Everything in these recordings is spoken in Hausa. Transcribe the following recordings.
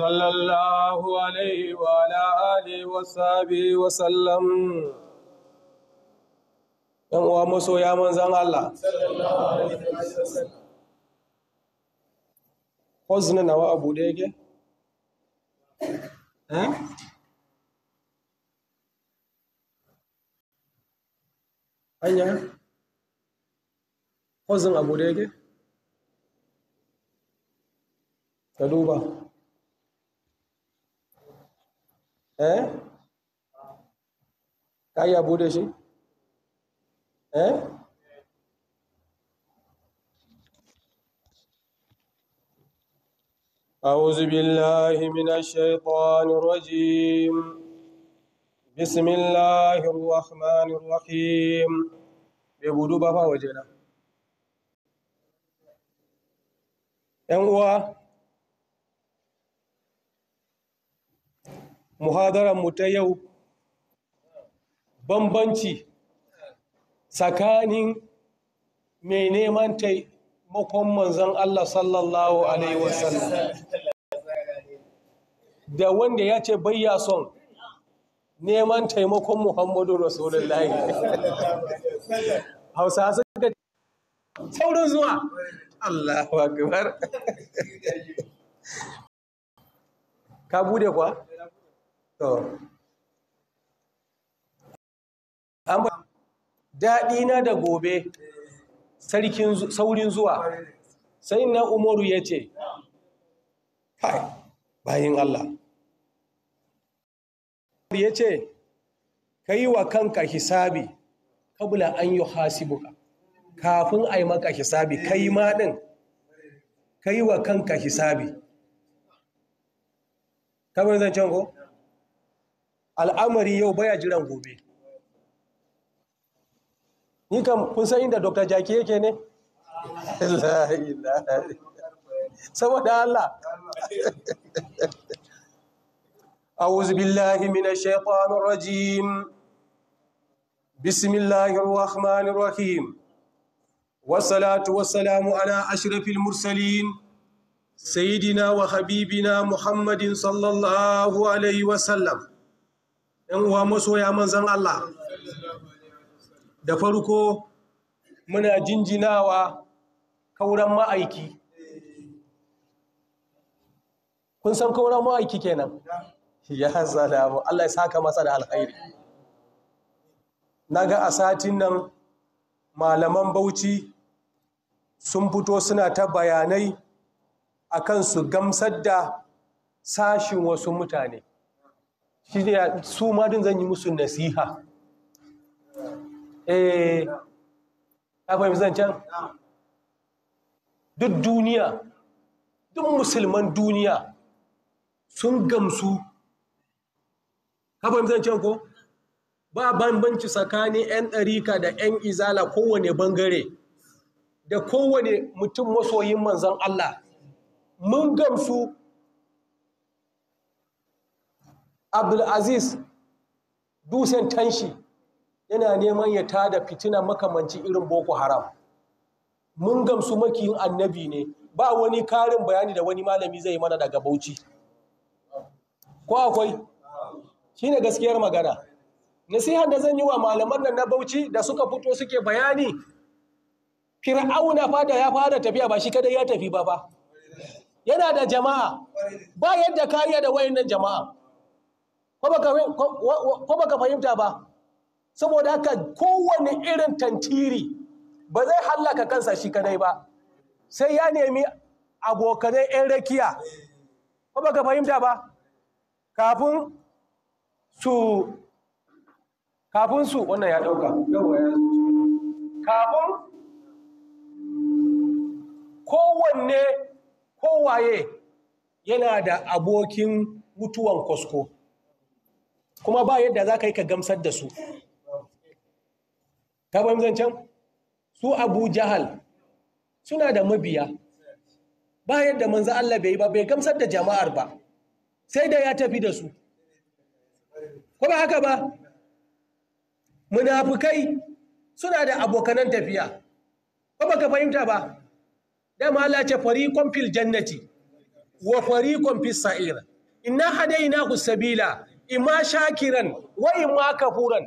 صلى الله عليه وعلى آله وصحبه وسلم ‘Yan uwa maso ya manzan Allah, hozina nawa abu da yake? ko abu da yake? Ka duba. eh ka iya bude shi eh أعوذ بالله من الشيطان الرجيم بسم الله الرحمن الرحيم يبدو بابا وجنا ‘yan uwa mu ta yau bambanci tsakanin mai neman taimakon manzan Allah sallallahu Alaihi wasallam da wanda ya ce bayya son neman taimakon Muhammadu Rasulullahi. Hausa ga saurin zuwa. Allah akbar. Ka bude kuwa? to daɗi na da gobe saurin zuwa sai na umaru ya ce Hai, bayin Allah ya ce ka yi wa kanka hisabi kabula an yi hasibuka kafin a yi maka hisabi ka yi maɗin ka yi wa kanka hisabi kamar can ko? al’amari yau baya jiran gobe. Ni kan kun san inda Dr. Jaki yake ne? Saboda Allah. A'udhu billahi minash shaitanir rajim. Bismillahir rahmanir rahim. Wassalatu wassalamu ala ashrafil mursalin saidina wa habibina Muhammadin sallallahu alaihi wasallam. ‘yan uwa masoya manzan Allah da farko muna jinjinawa kauran ma'aiki kun san kauran ma'aiki kenan ya salamu Allah ya saka masa da alkhairi na ga a satin nan malaman bauchi sun fito suna ta bayanai akan su gamsar da sashin wasu mutane shi da su ma din zan yi musu nasiha eh ya zan zancen duk duniya duk musulman duniya sun gamsu ka fahimci zancen ko ba banbanci tsakanin 'yan ɗarika da 'yan izala kowane bangare da kowane mutum masoyin manzan Allah mun gamsu abdulaziz dusen tanshi yana neman ya tada fitina makamanci irin boko haram mun gamsu makiyin annabi ne ba wani karin bayani da wani malami zai mana daga bauchi ko akwai ne gaskiyar magana nasihan da zan yi wa malaman nan na bauchi da suka fito suke bayani fir'auna fada ya fara tafiya ba shi kadai ya tafi ba ba yana da jama'a ba yadda kariya da wayannan jama'a ko baka fahimta ba saboda haka kowane irin tantiri ba zai hallaka kansa shi kadai ba sai ya nemi abokanai 'yan rakiya ko baka fahimta ba kafin su kafin su wannan ya dauka kafin kowanne kowaye yana da abokin mutuwan kwasko kuma ba yadda za ka yi ka gamsar da su ka bayan zancen su abu jahal suna da mabiya ba yadda manzo Allah bai yi ba bai gamsar da jama'ar ba sai da ya tafi da su ko ba haka ba munafukai suna da abokanan tafiya ba ka fahimta ba dama Allah ce fariqon jannati wa fariqon fis sa'ir inna hadaynahu sabila ima shakiran wa ima kafuran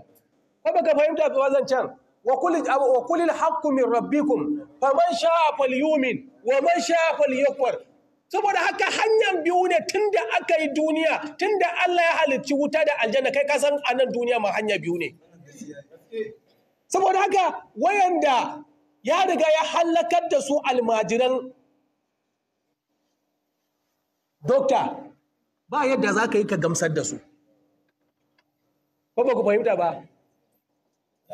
kai baka fahimta wazan can wa kul wa kulil haqqu min rabbikum faman sha'a falyumin wa man sha'a falyakfur saboda haka hanyan biyu ne tunda aka yi duniya tunda Allah ya halicci wuta da aljanna kai ka anan duniya ma hanya biyu ne saboda haka wayanda ya riga ya halakar da su almajiran dokta ba yadda zaka yi ka gamsar da su ko ba ku fahimta ba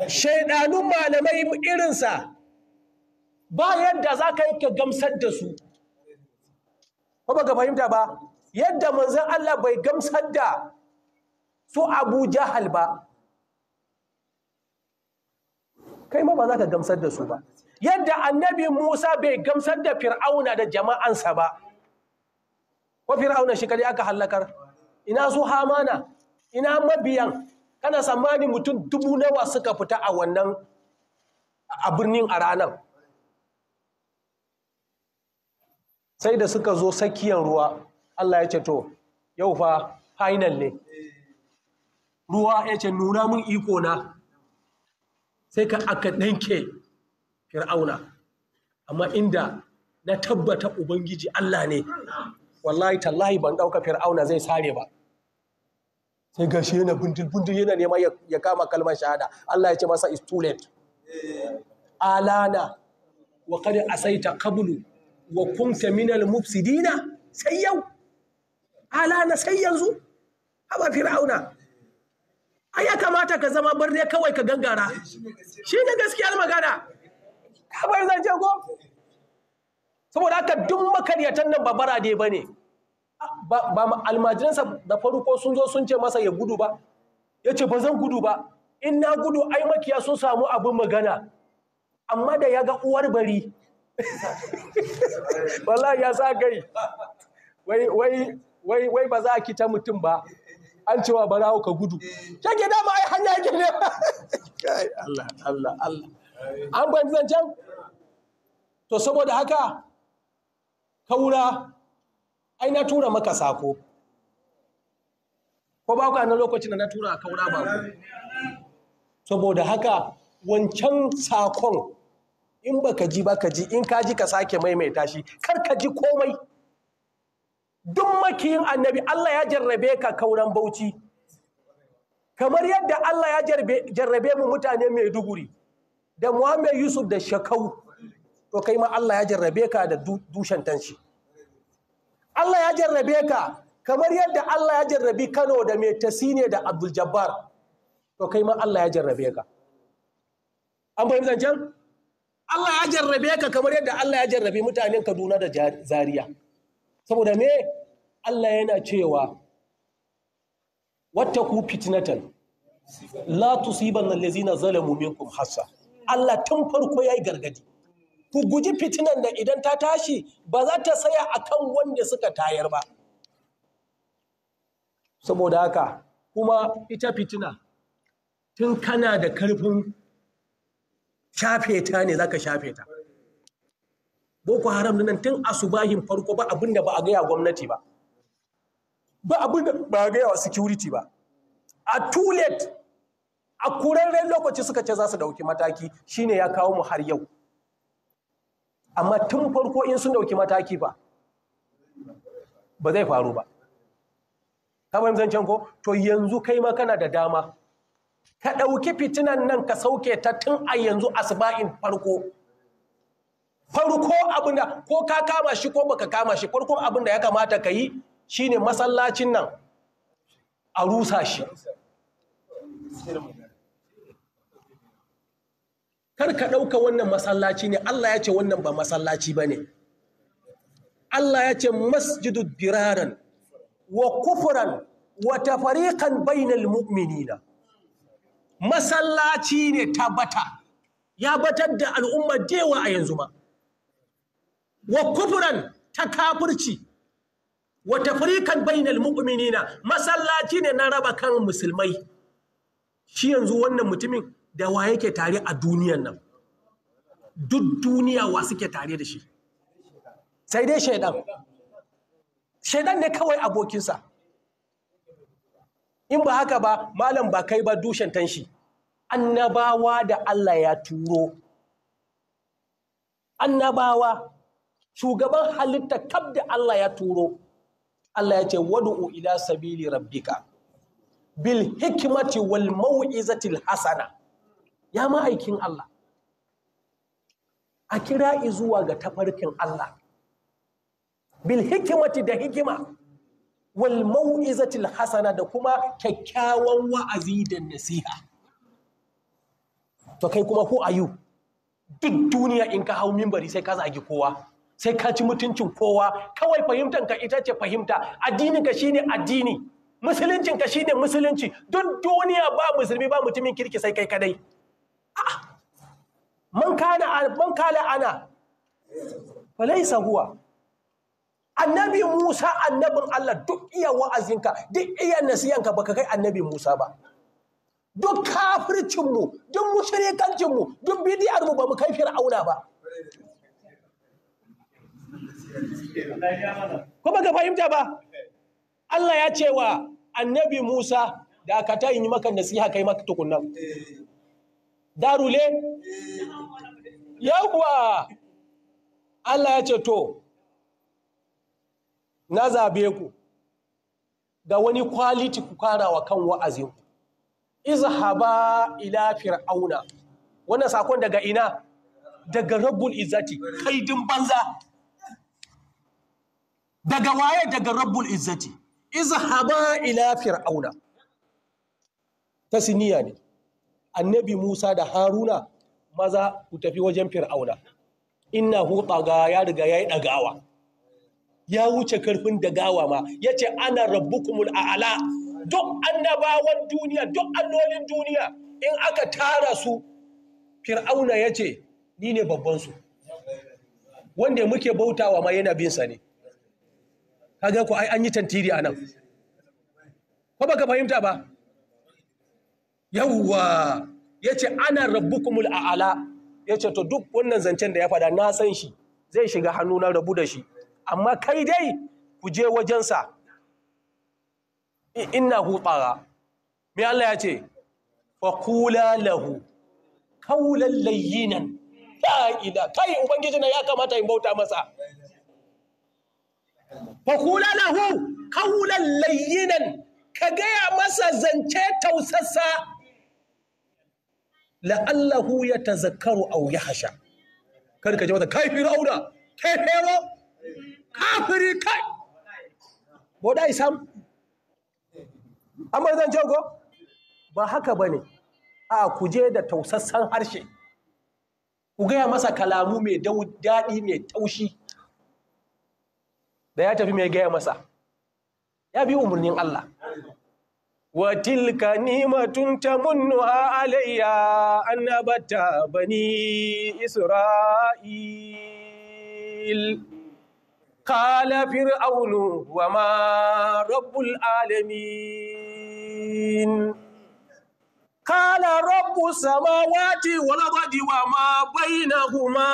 shaidanun malamai irinsa ba yadda za ka yi ka gamsar da su ko ba ka fahimta ba yadda manzan Allah bai gamsar da su abu jahal ba kai ma ba za ka gamsar da su ba yadda annabi musa bai gamsar da fir'auna da jama'ansa ba ko fir'auna shi kadai aka hallakar ina su hamana ina mabiyan kana tsammani mutum dubu nawa suka fita a wannan a birnin a ranar sai da suka zo tsakiyar ruwa Allah ya ce to yau fa final ne ruwa ya ce nuna mun iko na sai ka aka ɗanke fir'auna amma inda na tabbata ubangiji Allah ne wallahi tallahi ban ɗauka fir'auna zai sare ba sai shi yana buntul-buntul yana nema ya kama kalmar shahada Allah ya ce masa is too late alana wa kada asaita qablu wa kunta minal mufsidina sai yau alana sai yanzu haba fir'auna ai ya kamata ka zama barde kawai ka gangara shi ne gaskiyar magana kabar zan ce ko saboda haka duk makaryatan nan babara dai bane ba almajiransa da farko sun zo sun ce masa ya gudu ba ya ce ba zan gudu ba in na gudu ai makiya sun samu abin magana amma da ya ga uwar bari wallahi ya sa kai wai wai wai wai ba za a kita mutum ba an cewa barawo ka gudu kake dama ai hanya yake ne Allah Allah Allah an ban can? to saboda haka kaura ai na tura maka sako ko ba ku na lokacin da na tura a kaura ba ku saboda haka wancan sakon in ba ka ji ba ka ji in ka ji ka sake maimaita shi kar ka ji komai duk makiyin annabi Allah ya jarrabe ka kauran bauchi kamar yadda Allah ya jarrabe mu mutane mai duguri da Muhammad Yusuf da Shakau to kai ma Allah ya jarrabe ka da dushen tanshi Allah ya jarrabe ka kamar yadda Allah ya jarrabi Kano da Metasi ne da Abdul Jabbar to kai ma Allah ya jarrabe ka an fahimci zancen Allah ya jarrabe ka kamar yadda Allah ya jarrabi mutanen Kaduna da Zaria saboda me Allah yana cewa wattaku fitnatan la tusibanna allazina zalamu minkum hasa Allah tun farko yayi gargadi ku guji fitinan da idan ta tashi ba za ta saya akan wanda suka tayar ba saboda haka kuma ita fitina tun kana da karfin shafe ta ne za ka shafe ta boko haram nan tun asubahin farko ba abin da ba a gaya gwamnati ba ba abin da ba a gaya wa security ba a too late a kurarren lokaci suka ce za su dauki mataki shine ya kawo mu har yau amma tun farko in sun dauki mataki ba ba zai faru ba ka fahimtar can ko to yanzu kai ma kana da dama ka ɗauki fitinan nan ka sauke ta tun a yanzu asba'in farko farko abinda ko ka kama shi ko baka kama shi farko abinda ya kamata ka yi shine masallacin nan a rusa shi kar ka ɗauka wannan masallaci ne Allah ya ce wannan ba masallaci ba ne Allah ya ce masjidu diraran wa kufuran wa tafariqan bainal mu'minina masallaci ne tabbata ya batar da al'umma dewa a yanzu ma wa kufuran ta kafirci wa tafrikan bainal mu'minina masallaci ne na raba kan musulmai shi yanzu wannan mutumin da wa yake tare a duniyan nan duk duniya wa suke tare da shi sai dai shaidan shaidan ne kawai abokinsa in ba haka ba malam ba kai ba dushen tanshi annabawa da Allah ya turo annabawa shugaban halitta kab da Allah ya turo Allah ya ce wadu'u ila sabili rabbika bil hikmati wal mau'izatil hasana ya ma'aikin Allah a kira zuwa ga tafarkin Allah bil hikimati da hikima wal mau'izatil hasana da kuma kyakkyawan wa'azi da nasiha to kai kuma ko ayu duk duniya in ka hau mimbari sai ka zagi kowa sai ka ci mutuncin kowa kawai fahimtar ka ita ce fahimta Addininka ka shine addini musuluncin ka shine musulunci duk duniya ba musulmi ba mutumin kirki sai kai kadai man kana man kala ana falaisa huwa annabi Musa annabin Allah duk iya wa'azinka duk iya nasiyanka baka kai annabi Musa ba duk kafircinmu duk mushrikancin duk ba mu kai fir'auna ba kuma baka fahimta ba Allah ya ce wa annabi Musa da aka ta yi maka nasiha kai maka tukunna darule yauwa Allah ya ce to na zabe ku da wani kwaliti ku kara wa kan wa'azinku izhaba ila fir'auna wannan sakon daga ina daga rabbul izzati kaidin banza daga waye daga rabbul izzati izhaba ila fir'auna tasniya ne annabi Musa da Haruna maza ku tafi wajen Fir'auna inna hu ga ya riga yayi dagawa ya wuce karfin dagawa ma yace ana rabbukumul a'la duk annabawan duniya duk annolin duniya in aka tara su Fir'auna yace ni ne babban su wanda muke bautawa ma yana bin sa ne kaga ku ai an yi tantiri anan ko baka fahimta ba yawwa ya ce ana kumul a'ala ya ce to duk wannan zancen da ya fada na san shi zai shiga hannu na rabu da shi amma kai dai ku je wajensa ina hutsara mai Allah ya ce fakula lahu kaulan layyinan la'ida kai ubangiji na ya kamata in bauta masa fakula lahu kaulan layyinan ka gaya masa zance tausasa la'allahu ya tazakkaru au ya hasha kar ka ji wata kai fir'auna kai fero kafiri kai boda sam? amma zan jago ba haka bane a je da tausassan harshe ku gaya masa kalamu mai daɗi mai taushi da ya tafi mai gaya masa ya bi umarnin Allah وتلك نعمة تمنها علي أن أبت بني إسرائيل قال فرعون وما رب العالمين قال رب السماوات والأرض وما بينهما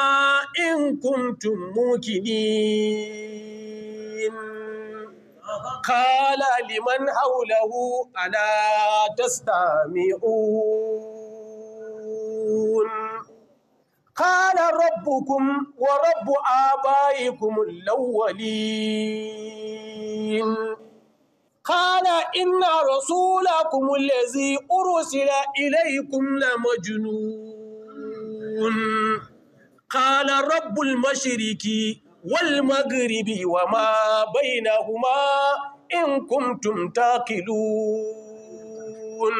إن كنتم موقنين قال لمن حوله ألا تستمعون قال ربكم ورب آبائكم الأولين قال إن رسولكم الذي أرسل إليكم لمجنون قال رب المشركين wal maghribi wa ma bainahuma in kuntum taqilun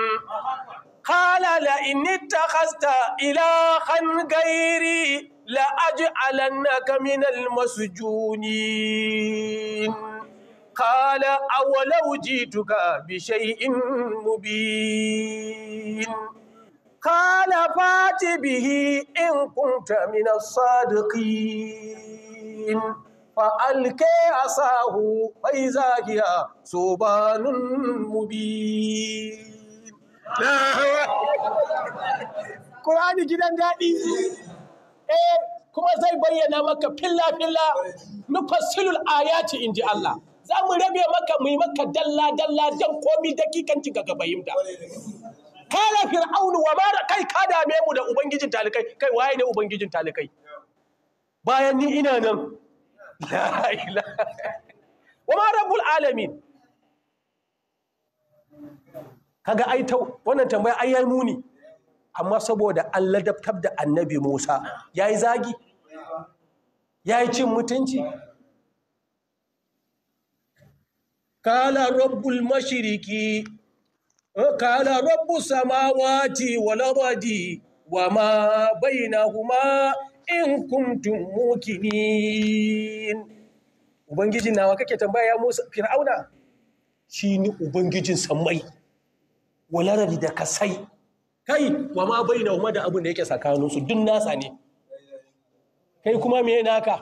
قال لئن اتخذت إلها غيري لأجعلنك من المسجونين قال أولو جئتك بشيء مبين قال فات به إن كنت من الصادقين شيء فألقي عصاه فإذا هي ثوبان مبين Kur'ani gidan daɗi, eh kuma zai bayyana maka filla-filla nufassilul ayati in ji Allah. Za mu rabe maka mu yi maka dalla-dalla dan komi dakikanci ga fahimta. Kala fir'aunu wa mara kai ka dame mu da Ubangijin talikai, kai waye ne Ubangijin talikai? bayan ni ina nan la ilaha wa ma rabbul alamin kaga ai ta wannan tambaya ai yayi muni amma saboda Allah ladabtar da annabi Musa yayi zagi yayi cin mutunci kala rabbul mashiriki kala rabbus samawati wal ardi ma bainahuma in kuntum mukinin ubangiji nawa kake tambaya ya Musa Fir'auna shine ubangijin sammai walarari da kasai kai wa ma baina wa da abin da yake tsakanin su duk nasa ne kai kuma me naka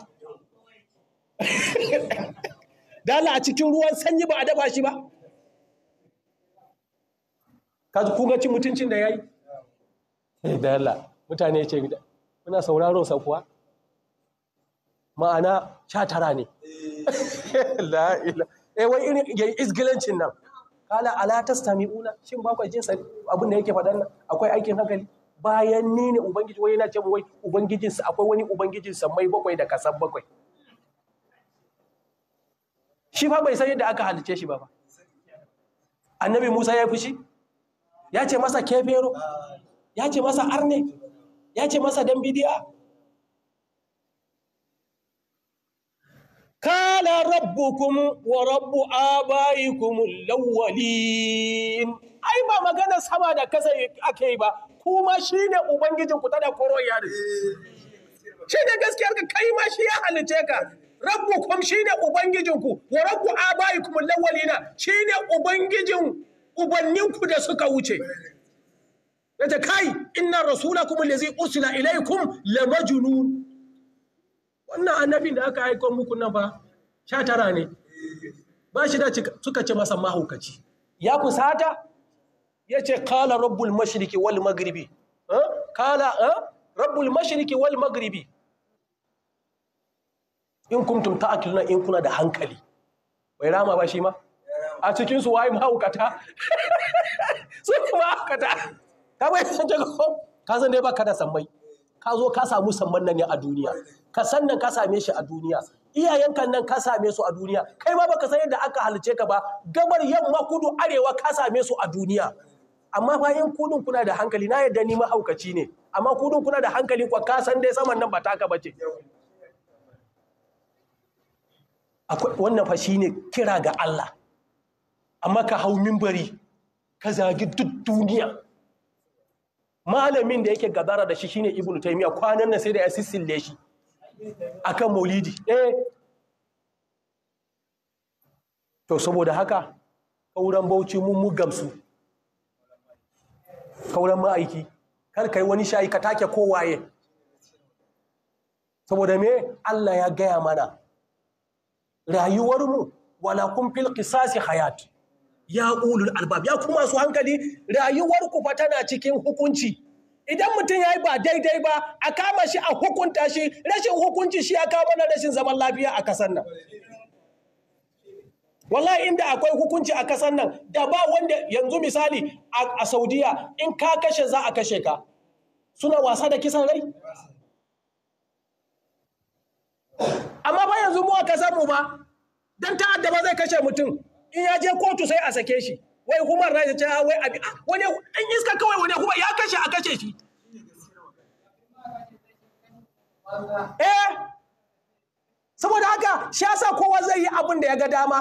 dala a cikin ruwan sanyi ba a daba shi ba ka kun ga ci mutuncin da yayi dala mutane ya ce muna sauraron sa kuwa ma'ana sha tara ne eh, eh wai irin yayi isgilancin nan kala ala tastami'una shin ba ku jin abin da yake faɗan nan akwai aikin hankali bayan ni ne ubangiji wai yana ce wai ubangijinsa akwai wani ubangijin mai bakwai da kasan bakwai shi fa bai san yadda aka halice shi ba ba annabi musa ya fushi ya ce masa kefero ya ce masa arne ya ce masa dan bidiya kala kuma wa rabbu abaikum lawwalin ai ba magana sama da kasa ake yi ba kuma shine ubangijin ku tada koroya da shi ne gaskiyar ka kai ma shi ya halice ka rabbukum shine ubangijin ku wa rabbu abaikum shi shine ubangijin ubanninku da suka wuce kace kai inna rasulakum allazi ursila ilaykum la majnun wannan annabin da aka aika muku nan ba sha tara ne ba shi da suka ce masa mahaukaci ya kusata ya ce kala rabbul mashiriki wal magribi kala rabbul mashiriki wal magribi in kuntum ta'akiluna in kuna da hankali bai rama ba shi ma a cikin su waye mahaukata su mahaukata ka bai ka san dai baka da sammai ka zo ka samu samman nan ne a duniya ka san nan ka same shi a duniya iyayenka nan ka same su a duniya kai ma baka san yadda aka halice ka ba gabar yamma kudu arewa ka same su a duniya amma bayan kudin kuna da hankali na yadda ni mahaukaci ne amma kudin kuna da hankali kwa ka san dai saman nan ba taka bace wannan fa shine kira ga Allah amma ka hau mimbari ka zagi duk duniya malamin da yake gazara da shi shine ibnu taymiya kwanan nan sai da ya sissille shi akan maulidi eh to saboda haka kauran bauchi mun mu gamsu kauran ma'aiki kar kai wani shayi ka take ko waye. saboda me Allah ya gaya mana rayuwarmu wala kun fil qisas hayat ya ulul albab ya kuma su hankali rayuwarku fa tana cikin hukunci idan mutum ya yi ba daidai ba a kama shi a hukunta shi rashin hukunci shi ya kawo na rashin zaman lafiya a kasar nan wallahi inda akwai hukunci a kasar nan da ba wanda yanzu misali a saudiya in ka kashe za a kashe ka suna wasa da kisan rai amma ba yanzu mu a kasar mu ba dan ta'adda ba zai kashe mutum in ya je kotu sai a sake shi wai human rights ta ah, wai abi ah, wani an iska kawai wani kuma ya kashe a kashe shi eh saboda haka shi yasa kowa zai yi abin da ya ga dama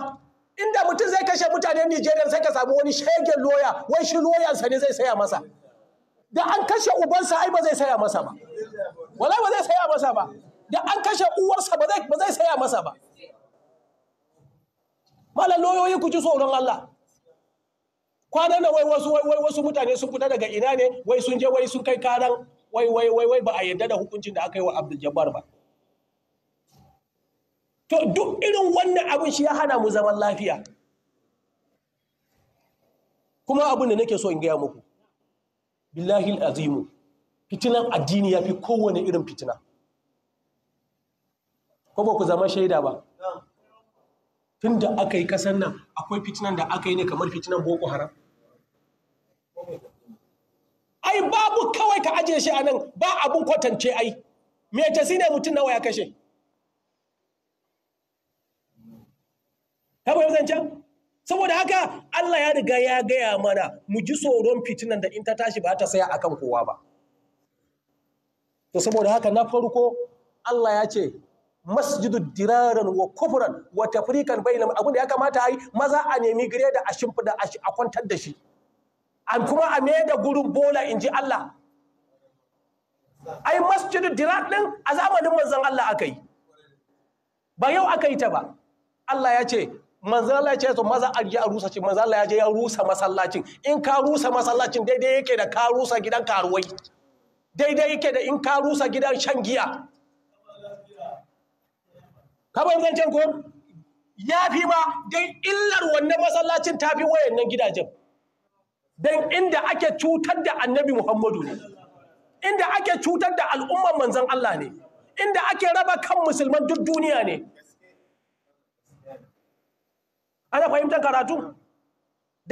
inda mutum zai kashe mutanen Nigeria sai ka samu wani shegen loya wai shi loyansa ne zai saya masa da an kashe ubansa ai ba zai saya masa ba wallahi ba zai saya masa ba da an kashe uwarsa ba zai saya masa ba malam lauyoyi ku ji tsoron Allah kwanan da wai wasu wai wasu mutane sun fita daga ina ne wai sun je wai sun kai karan wai wai wai wai ba a yarda da hukuncin da aka yi wa Abdul Jabbar ba to duk irin wannan abin shi ya hana mu zaman lafiya kuma abin da nake so in gaya muku billahi azimu fitinan addini ya fi kowane irin fitina ko ba ku zama shaida ba tun da aka yi kasan nan akwai fitinan da aka yi ne kamar fitinan boko haram ai babu kawai ka ajiye shi a nan ba abun kwatance ai me ta ne mutum nawa ya kashe haɓe yau zancen saboda haka Allah ya riga ya gaya mana mu ji tsoron fitinan da in ta tashi ba ta saya akan kowa ba to saboda haka na farko Allah ya ce masjidu diraran wa kufran wa tafrikan bainam abin da ya kamata a yi maza a nemi gire da a shimfida a kwantar da shi an kuma a me da gurin bola in ji Allah ai masjidu dirar din a zamanin manzon Allah akayi. ba yau aka ta ba Allah ya ce manzon Allah ya ce to maza a je a rusa shi manzon Allah ya je ya rusa masallacin in ka rusa masallacin daidai yake da ka rusa gidan karuwai daidai yake da in ka rusa gidan shan giya ka zancen ko ya fi ma don illar wannan masallacin ta fi wayannan gidajen don inda ake cutar da annabi muhammadu ne inda ake cutar da al'umman manzan Allah ne inda ake raba kan musulman duk duniya ne ana fahimtar karatu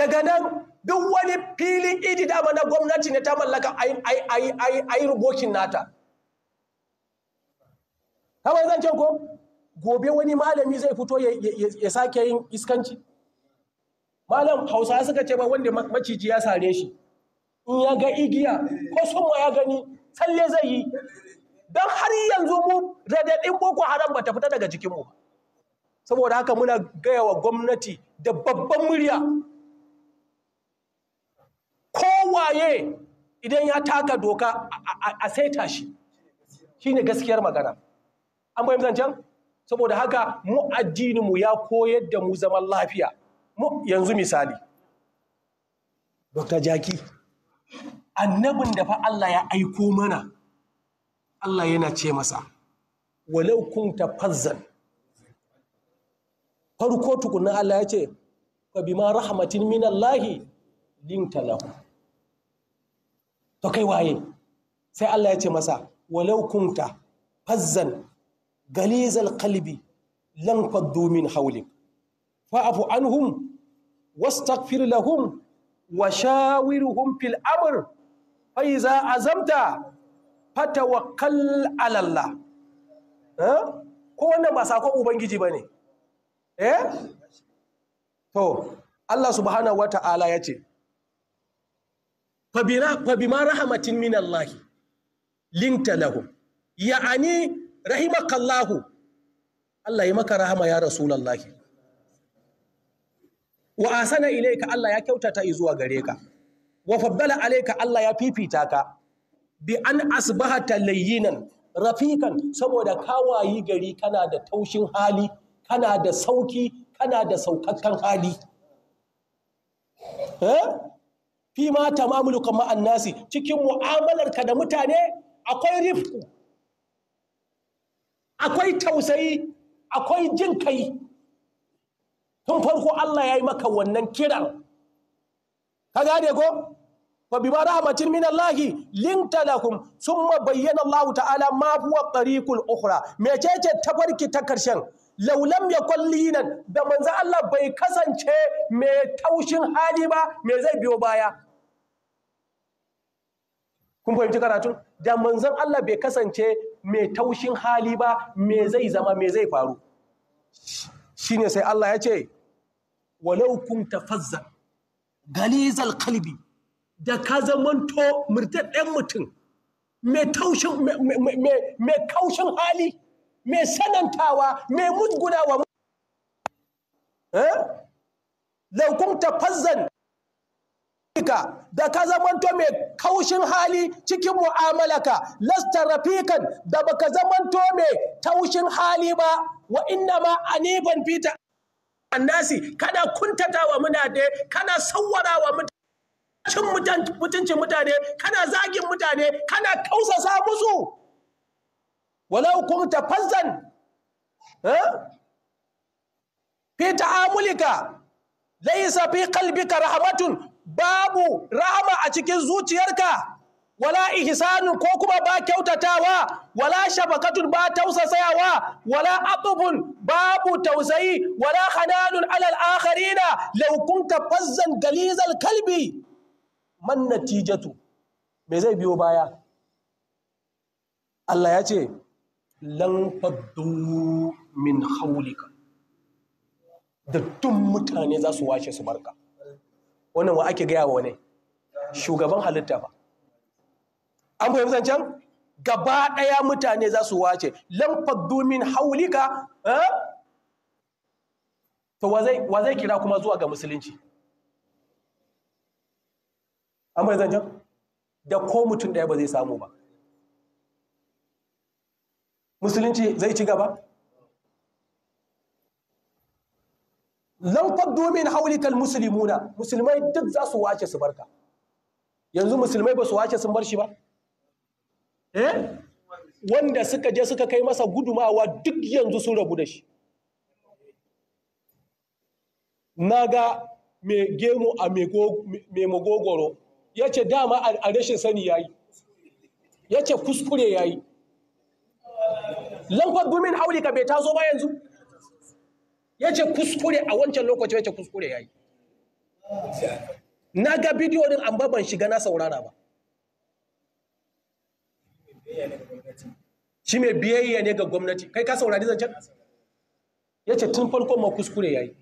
daga nan duk wani filin idi dama na gwamnati ne ta mallaka a yi rubokin nata kamar zancen ko gobe wani malami zai fito ya sake yin iskanci malam hausa suka ce ba wanda maciji ya sare shi in ya ga igiya ko sun ya gani tsalle zai yi don har yanzu mu radadin boko haram ba ta fita daga jikinmu ba saboda haka muna gaya wa gwamnati da babban murya kowaye idan ya taka doka a saita shi shine gaskiyar magana an bayan zancen? saboda haka mu mu ya koyar da mu zaman lafiya mu yanzu misali dr jaki annabin da fa Allah ya aiko mana Allah yana ce masa walau ta fazzan farko tukunan Allah ya ce ka bi ma rahmatin min Allahi to kai waye sai Allah ya ce masa walau ta fazzan galizal kalbi lan faddu min haulik fa'afu anhum wastaghfir lahum wa shawiruhum fil amr fa iza azamta fatawakkal ala Allah ko wannan ba sakon ubangiji bane eh to Allah subhanahu ya ce. fa bima rahmatin min Allah linta lahum ya'ani rahimakallahu Allah yi maka rahama ya rasulullahi wa asana ilaika Allah ya kyautata zuwa gare ka wa faddala alaika Allah ya fifita ka bi an asbahata layyinan rafikan saboda kawayi gari kana da taushin hali kana da sauki kana da saukakkan hali eh? fi ma tamamulu kama annasi cikin mu'amalarka da mutane akwai rifku akwai tausayi akwai jin kai tun farko Allah ya yi maka wannan kiran ka gane ko fa bima rahmatin min Allah linta lakum summa bayyana Allah ta'ala ma huwa tariqul ukhra mecece farki ta karshen laulam ya kwalli nan da manzan Allah bai kasance mai taushin hali ba mai zai biyo baya kun fahimci karatu da manzan Allah bai kasance mai taushin hali ba me zai zama me zai faru shine sai Allah ya ce walau kunta fazzan galizal kalbi da ka zamanto murtaɗɗen mutum mai taushin mai kaushin hali mai sanantawa mai musgunawa eh law kunta fazzan ka da ka zamanto mai kaushin hali cikin mu'amalaka lasta rafikan da baka zamanto mai taushin hali ba wa inna ma aniban fita annasi kana kuntatawa mutane kana sawwarawa mutane cin mutuncin mutane kana zagin mutane kana kausasa musu walau kunta fazzan eh, fi ta'amulika laysa fi qalbika rahmatun babu rahama a cikin zuciyarka wala ihsanu ko kuma ba kyautatawa wala shafaqatun ba tausasayawa wala abubun babu tausayi wala hananun alal akharina law kunta fazzan galizal kalbi man natijatu me zai biyo baya Allah ya ce lan faddu min hawlika da tun mutane za su washe su barka wannan wa ake gaya wa wani shugaban halitta ba an fahimci zancen gaba ɗaya mutane za su wace lamfar domin haulika to wa zai kira kuma zuwa ga musulunci an fahimci zancen da ko mutum ɗaya ba zai samu ba musulunci zai ci gaba lau faddu min haulikal muslimuna musulmai duk za su wace su barka yanzu musulmai ba su wace sun bar shi ba eh wanda suka je suka kai masa gudumawa duk yanzu sun rabu da shi na ga mai gemu a mai magogoro ya ce dama a rashin sani ya yi ya ce kuskure ya yi lamfar gumin haulika bai taso ba yanzu ya ce kuskure a wancan lokacin ya ce kuskure ya yi na ga bidiyo din an ban shiga na saurara ba shi mai biyayya ne ga gwamnati kai ka saurari can ya ce tun farko ma kuskure ya yi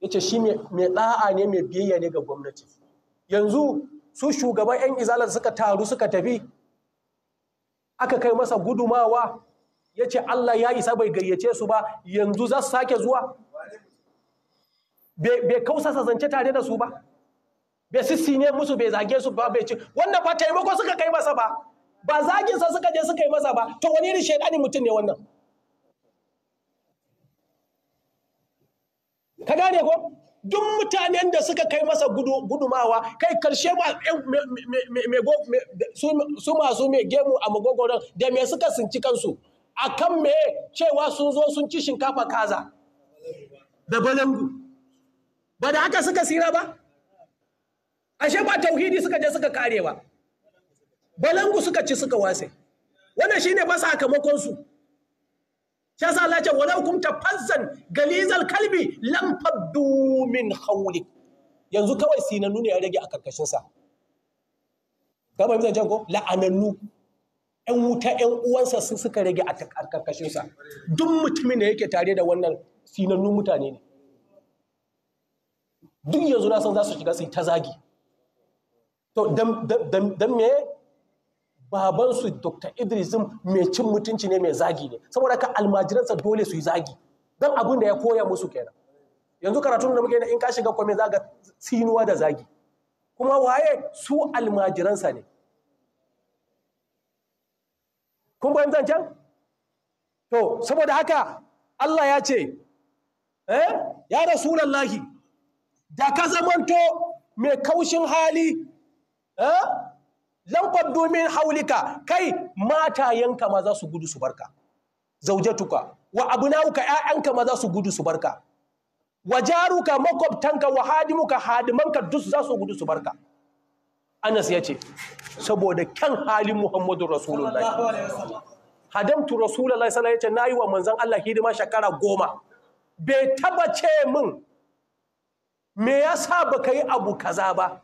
ya ce shi mai ɗa'a ne mai biyayya ne ga gwamnati yanzu su shugaban 'yan izalar suka taru suka tafi aka kai masa gudumawa ya ce Allah ya isa bai gayyace su ba yanzu za su sake zuwa bai kausasa zance tare da su ba bai sissine musu bai zage su ba bai ci wannan ba taimako suka kai masa ba ba zagin sa suka je suka yi masa ba to wani irin shaidani mutum ne wannan ka gane ko duk mutanen da suka kai masa gudumawa kai karshe ba su masu mai gemu a magogoron da me suka sinci kansu akan me cewa sun zo sun ci shinkafa kaza da balangu ba da haka suka sira ba ashe ba tauhidi suka je suka kare ba balangu suka ci suka wase wannan shine ba sakamakon su shi yasa Allah ce walau kum fassan, galizal kalbi lam faddu min yanzu kawai sinannu ne ya rage a karkashinsa. Gaba ka ba ko la'anannu ƴan wuta ƴan uwansa sun suka rage a karkashinsa. Dun duk mutumin da yake tare da wannan sinannu mutane ne duk yanzu na san za su shiga su ta zagi to dan me babansu dr idrisim mai cin mutunci ne mai zagi ne saboda ka almajiransa dole su yi zagi don abin da ya koya musu kenan yanzu karatun da muke in ka shiga kome za ga sinuwa da zagi kuma waye su almajiransa ne kun bayan zancen? to saboda haka Allah ya ce eh ya rasulallahi da ka zamanto mai kaushin hali eh? lamfar domin haulika kai matayenka ma za su gudu su barka zaujatuka wa abu wuka ‘ya'yanka ma za su gudu su barka wa jaruka makwabtanka wa hadimuka hadimanka duk za su gudu su barka anas ya ce saboda kyan halin muhammadu rasulullahi hadamtu rasulullahi sallallahu alaihi ya ce na yi wa manzan Allah hidima shekara goma bai taba ce min me yasa baka yi abu kaza ba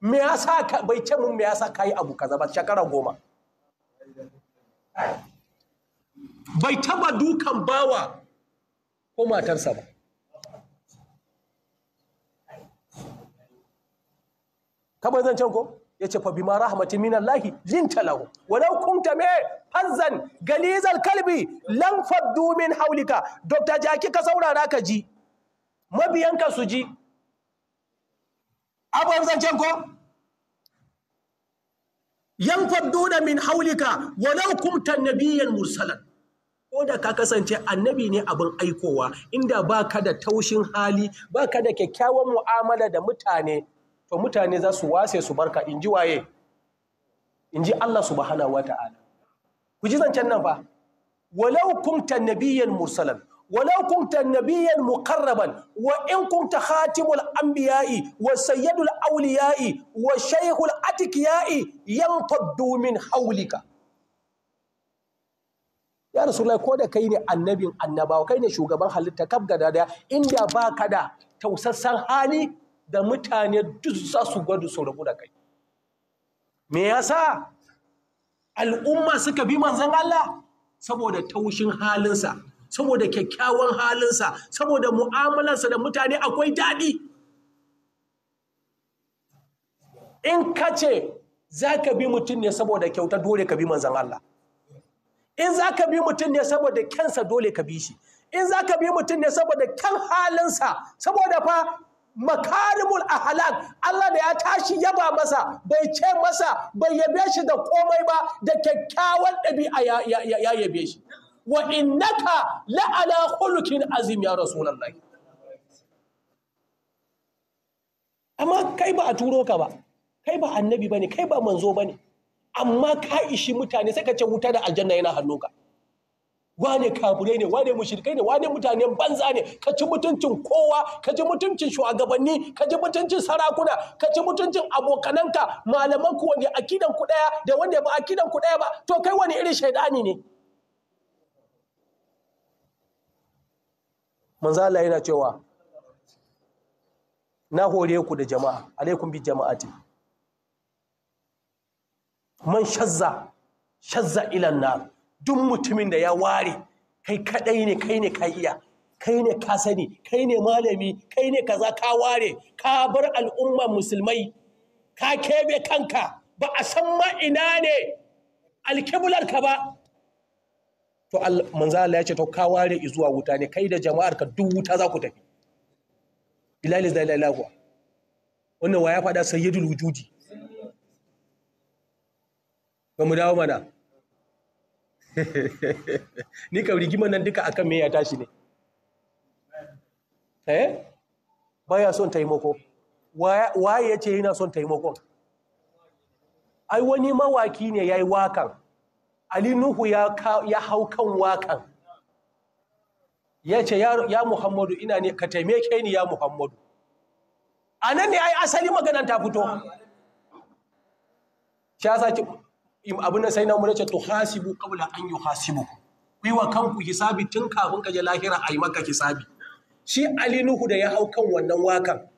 me yasa ka bai ce mun me yasa ka yi abu kaza ba shekara goma bai taba dukan bawa ko matarsa ba kamar zan can ko ya ce fa bima rahmati minan lahi yin lahu walau kunta me hanzan galizal kalbi lan faddu min haulika dr jaki ka saurara ka ji mabiyanka su ji abuwar zancen ko yan da min haulika walau kumta nabiyyan mursalan ko da ka kasance annabi ne abin aikowa inda ba ka da taushin hali ba ka da kyakkyawan mu'amala da mutane to mutane za su wase su barka in ji waye in ji Allah subhanahu wa ta'ala ku ji zancen nan fa walau kumta nabiyyan mursalan Wa ولو كنت نبيا مقربا وإن كنت خاتم الأنبياء وسيد الأولياء وشيخ الأتكياء ينفض من حولك ya rasulullahi ko da kai ne annabin annabawa kai ne shugaban halitta kaf gada inda ba ka da tausassan hali da mutane duk za su su rabu da kai me yasa al'umma suka bi manzon Allah saboda taushin halinsa saboda kyakkyawan halinsa saboda mu'amalarsa da mutane akwai daɗi in ka ce za ka bi mutum ne saboda kyauta dole ka bi manzan Allah in za ka bi mutum ne saboda kyansa dole ka bi shi in za ka bi mutum ne saboda kyan halinsa saboda fa makarimul ahalak Allah da ya tashi yaba masa bai ce masa bai yabe shi da komai ba da kyakkyawan ɗabi'a ya yabe shi wa innaka la'ala khulukin azim ya rasulullahi amma kai ba a turo ka ba kai ba annabi bane kai ba manzo bane amma ka ishi mutane sai ka ce wuta da aljanna yana hannunka wane kaburai ne wane mushrikai ne wane mutane banza ne ka ci mutuncin kowa ka ji mutuncin shugabanni ka ji mutuncin sarakuna ka ci mutuncin abokananka malaman ku wanda akidan ku daya da wanda ba akidan ku daya ba to kai wani irin shaidani ne manzo Allah yana cewa na hore ku da jama'a alaikum bi jama'ati man shazza shazza ilan nar duk mutumin da ya ware kai kadai ne kai ne ka iya kai ne ka sani kai ne malami kai ne kaza ka ware ka bar al'ummar musulmai ka kebe kanka ba a san ma ina ne alkiblar ka ba to manzo Allah ya ce to ka ware zuwa wuta ne kai da jama'ar ka duk wuta za ku tafi bilal da ilahu wannan wa ya faɗa sayyidul wujudi ba mu dawo mana ni ka rigima nan duka akan me ya tashi ne eh baya son taimako waye ya ce yana son taimakon ai wani mawaki ne ya yi wakan ali nuhu ya hau kan wakan ya ce ya muhammadu ina ne ka taimake ni ya muhammadu a nan ne ai asali maganan ta fito shi sa ki, abin da sai na muna ce to hasibu kabla an yi hasibu ku wa kanku hisabi tun kafin ka je lahira a yi maka hisabi shi ali nuhu da ya hau kan wannan wakan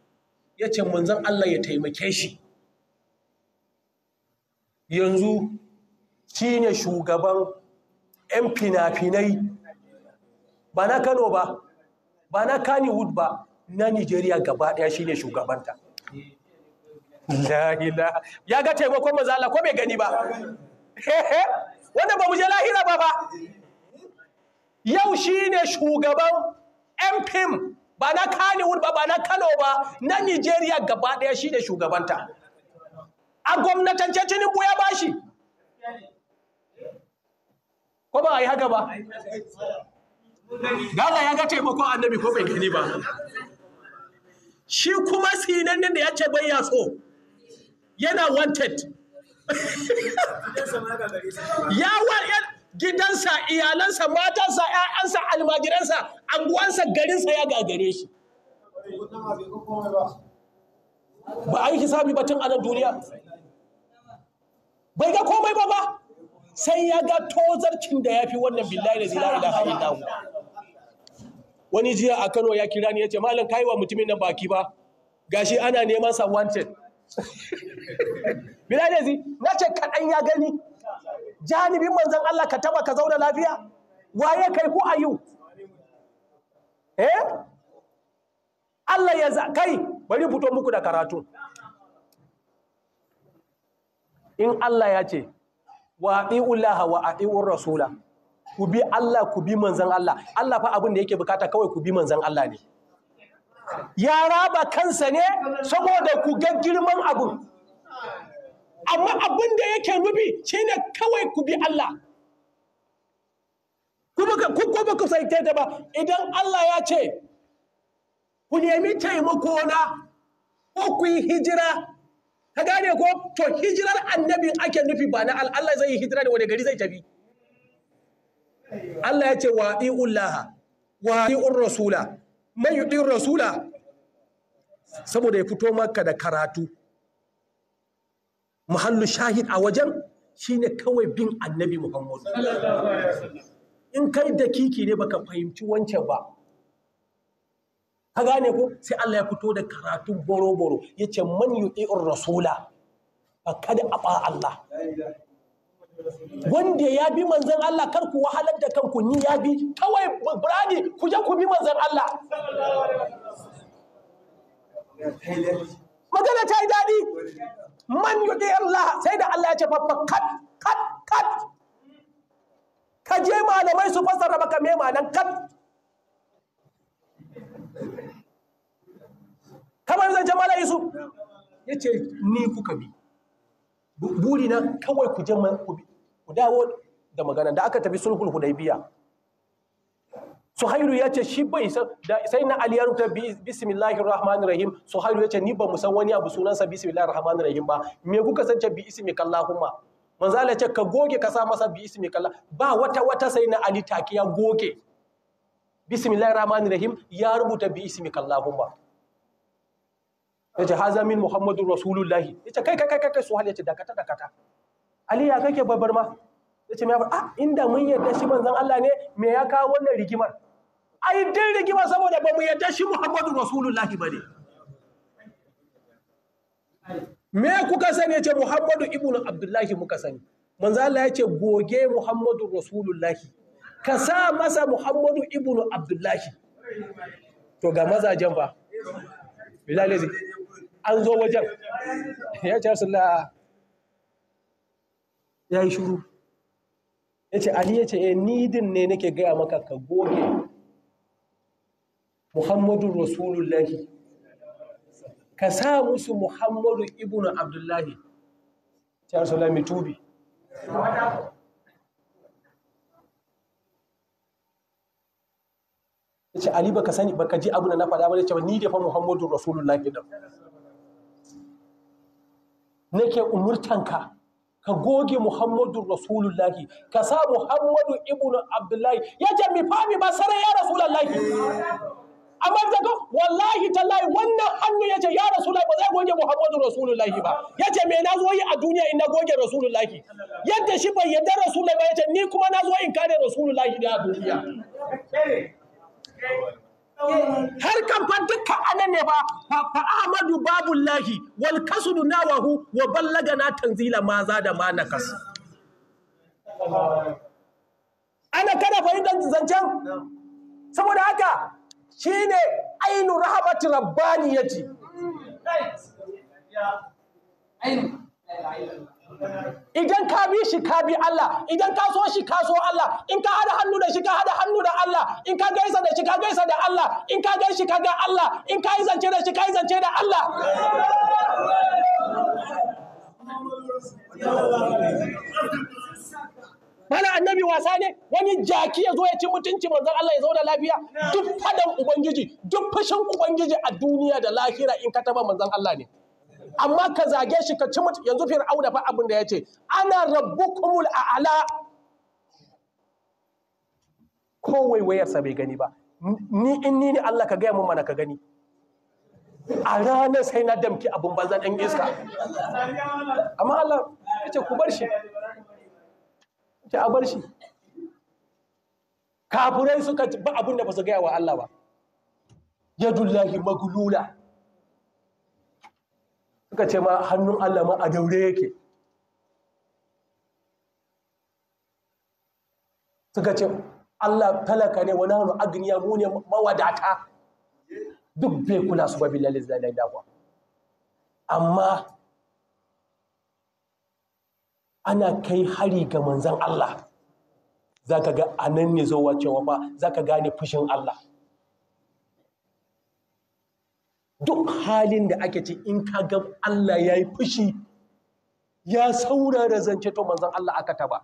ya ce manzon allah ya taimake shi yanzu shine shugaban 'yan fina-finai ba na kano ba ba na Kaniwood ba na nigeria gaba daya shine shugabanta ya ga taimakon mazala ko bai gani ba wanda ba mu je lahira ba ba yau shine shugaban 'yan fim ba na Kaniwood ba ba na kano ba na nigeria gaba daya shine shugabanta a gwamnatance tinubu ya bashi ko ba a yi haka ba Allah ya ga taimakon annabi ko bai gani ba shi kuma sinan da ya ce bai ya yana wanted ya wa gidansa iyalansa matansa ‘ya'yansa almajiransa anguwansa garinsa ya gagare shi ba a yi hisabi batun a nan duniya bai ga komai ba ba sai ya ga tozarcin da ya fi wannan billahi da la ilaha illahu wani jiya a Kano ya kira ni ya ce malam kayi wa mutumin nan baki ba gashi ana neman sa wanted billahi da na ce kaɗan ya gani janibin manzon Allah ka taba ka zauna lafiya waye kai ku ayu eh Allah ya za kai bari fito muku da karatu in Allah ya ce wa atiullaha wa atiur rasula ku bi Allah ku bi manzan Allah Allah fa abin da yake bukata kawai ku bi manzan Allah ne ya raba kansa ne saboda ku ga girman abu. amma abin da yake nufi shine kawai ku bi Allah kuma ba ku sai ta ba idan Allah ya ce ku nemi taimako na ko ku yi hijira ka gane ko to hijirar annabin ake nufi ba na Allah zai yi hijira da wani gari zai tafi Allah ya ce wa iullaha wa iur rasula man yudir rasula saboda ya fito maka da karatu muhallu shahid a wajen shine kawai bin annabi Muhammadu. in kai da ne baka fahimci wancan ba ka gane ko sai Allah ya fito da karatun boroboro yace ya ce man yuti'ur rasula kada a ba Allah wanda ya bi manzan Allah kar ku wahalar da kanku ni ya bi kawai birani ku je ku bi manzan Allah magana ta yi daɗi man yuɗi Allah sai da Allah ya ce babba kat kat kat ka je malamai su fassara maka mai ma'anan kat kamar zan mala yusuf ya ce ni kuka bi na kawai ku je ku dawo da magana da aka tafi sulhul hudaybiya suhairu ya ce shi bai da sai na ali ya rubuta bismillahir rahmanir rahim suhairu ya ce ni ba mu san wani abu sunansa bismillahir rahmanir rahim ba me kuka san ce bi ismi kallahumma manzo ya ce ka goge ka sa masa bi ismi kallah ba wata wata sai na ali take goge bismillahir rahmanir rahim ya rubuta bi ismi kallahumma ya ce haza min Muhammadu rasulullahi ya ce kai kai kai kai su ya da dakata dakata ali ya kake babbar ma ya ce ah inda mun yadda shi manzon Allah ne me ya kawo wannan rigimar ai din rigima saboda ba mu yadda shi Muhammadu rasulullahi ba ne me kuka sani ya ce muhammadu ibnu abdullahi muka sani manzon Allah ya ce goge Muhammadu rasulullahi ka sa masa muhammadu ibnu abdullahi to ga mazajen fa bilal an zo wajen ya ce la, ya yi shuru ya ce ali ya ce e eh, nidin ne nake gaya maka ka goge muhammadu rasulullahi ka sa musu muhammadu ibn abdullahi ce rasulullah mai tubi ya ce ali ba sani ji abu da na faɗa ba da cewa ni da fa muhammadu rasulullahi ɗan nake umurtanka ka goge Muhammadu Rasulullahi ka sa Muhammadu ibnu Abdullahi ya ce mi fami ba sarai ya Rasulullahi amma da to wallahi tallahi wannan hannu ya ce ya Rasulullahi ba zai goge Muhammadu Rasulullahi ba ya ce me na zo yi a duniya in na goge Rasulullahi yadda shi bai yadda Rasulullahi ba ya ce ni kuma na zo in kare Rasulullahi da duniya har kan dukkan anan ne ba, fa ahmadu babullahi wal kasdu nawahu wa ballagana tanzila ma za da ma kas ana kana fahimtar zancen saboda haka shine ainu rabbani rabbaniyati ainu idan ka bi shi ka bi Allah idan ka so shi ka so Allah in ka hada hannu da shi ka hada hannu da Allah in ka gaisa da shi ka gaisa da Allah in ka gaisa ka ga Allah in ka yi zance da shi ka yi zance da Allah Mana annabi wasa ne wani jaki ya zo ya ci mutunci manzon Allah ya zo da lafiya duk fadan ubangiji duk fushin ubangiji a duniya da lahira in ka taba manzon Allah ne amma ka zage shi ka ci mutu yanzu da fa abin da ya ce ana rabbukumul a'ala ko waiwayarsa bai gani ba ni in ni ne Allah ka gaya mun mana ka gani a ranar sai na damki abin banza ɗan iska amma Allah ya ce ku bar shi ce a bar shi kafurai suka ba abin da ba su gaya wa Allah ba yadullahi maglula suka ce ma hannun Allah ma a daure yake suka ce Allah talaka ne wani hannu agniya mu ne mawadata duk bai kula su babi lalis da lai dawa amma ana kai hari ga manzan Allah za ka ga anan ne zo wacewa ba za ka gane fushin Allah duk halin da ake ci in ka ga Allah ya yi fushi ya saurara zance to manzan Allah aka taba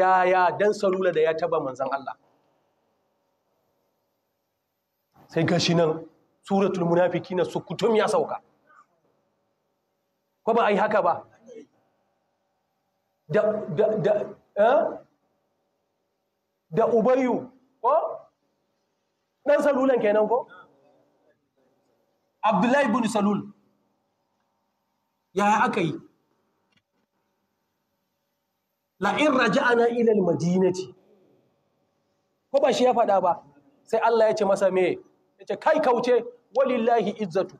yaya dan salula da ya taba manzan Allah sai gashi nan suratul munafiki na sukutum ya sauka ko ba a yi haka ba da da da eh? da ubayu ko dan salulan kenan ko Abdullahi ibn Salul ya aka yi la'in raja'ana ilal madinati ko ba shi ya faɗa ba sai Allah ya ce masa me ya ce kai kauce walillahi izzatu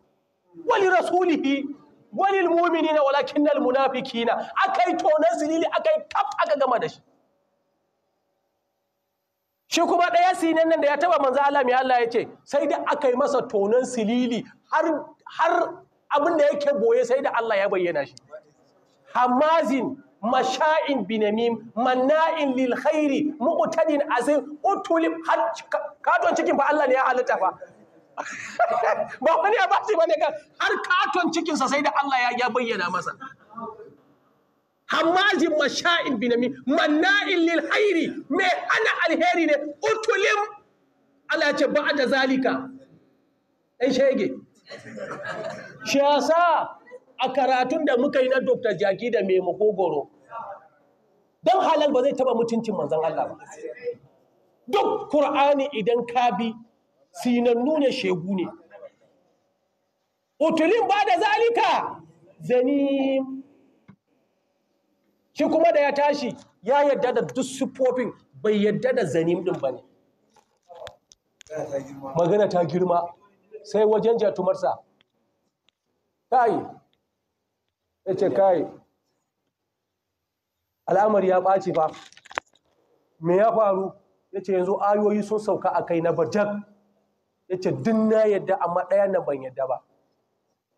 wali rasulihi walil mu'minina walakinnal munafiqina akai tonan silili akai kaf aka gama da shi shi kuma ɗaya sinan nan da ya taba manzo Allah mai Allah ya ce sai da aka yi masa tonon silili har abin da yake boye sai da Allah ya bayyana shi hamazin masha'in binamim manna'in lil khairi mu'tadin azim utulim har katon cikin fa Allah ne ya halitta fa ba wani ya bashi ne kan har katon cikinsa sai da Allah ya bayyana masa hamazin masha'in binamim manna'in lil mai hana alheri ne utulim Allah ya ce ba da zalika ɗan shege shi a karatun da muka yi na Dr. Jaki da mai makogoro don halal ba zai taba mutuncin manzan Allah ba duk Kur'ani idan ka bi sinannu ne shegu ne utulin ba da zalika zani shi kuma da ya tashi ya yadda da duk sufofin bai yadda da zanim din ba ne magana ta girma sai wajen jatumarsa kai ya ce kai al'amari ya ɓaci ba me ya faru ya ce yanzu ayoyi sun sauka a kai na bajak ya ce na yadda amma ɗaya na ban yadda ba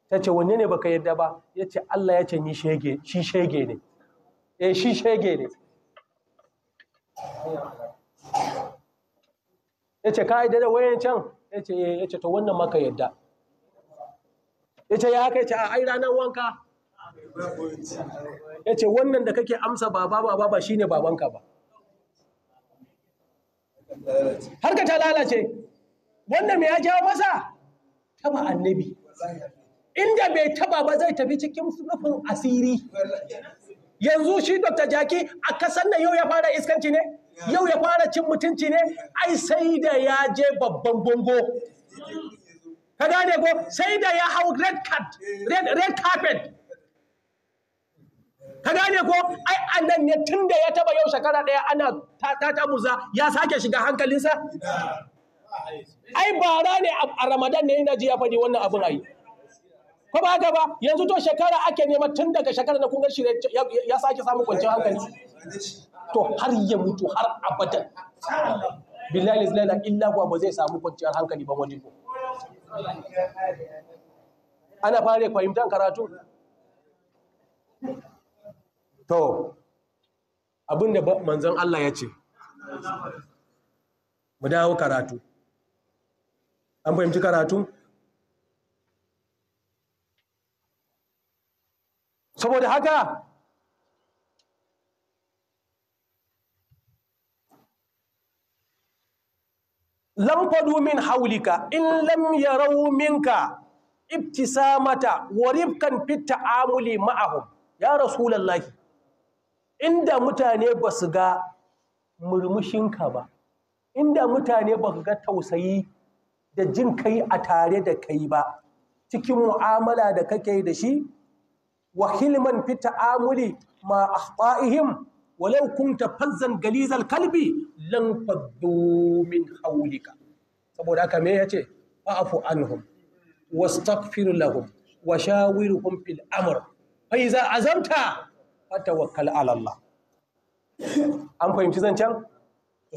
ta ce wanne ne baka yadda ba ya ce allah ya ce ni shege shi shege ne ya eh, shi shege ne ya ce ka yadda wayan can Eh, ya ce to wannan maka yadda ya ce ya haka ya ce a ai ranar wanka ya ce wannan da kake amsa baba baba ba shine babanka ba har ka ta lalace wannan me ya jawo masa taba annabi inda bai taba ba zai tafi cikin nufin asiri yanzu shi dr jaki a kasan nan yau ya fara iskanci ne yau ya fara cin mutunci ne ai sai da ya je babban bango ka gane ko sai da ya hau red card red, carpet ka gane ko ai annan ne tun da ya taba yau shekara daya ana ta ta muza ya sake shiga hankalinsa ai bara ne a ramadan ne ina ji ya faɗi wannan abin ai ko ba haka ba yanzu to shekara ake nema tun daga shekara na kun ga ya sake samun kwanciyar hankali to har ya mutu har abadan billahi la illa huwa ba zai samu kwanciyar hankali ba wani ko ana fare fahimtar karatu to abinda manzon Allah ya ce mu dawo karatu an fahimci karatu saboda haka lam fadu min haulika in lam yarau minka ibtisamata wa rifkan fit ta'amuli ma'ahum ya rasulullahi inda mutane ba su ga murmushinka ba inda mutane ba ga tausayi da jin kai a tare da kai ba cikin mu'amala da kake da shi wa hilman fi ta'amuli ma akhta'ihim walau kunta fazzan galizal kalbi lan faddu min haulika saboda haka me yace fa'fu anhum wastaghfir lahum wa shawirhum fil amr fa iza azamta fatawakkal ala Allah an fahimci zancen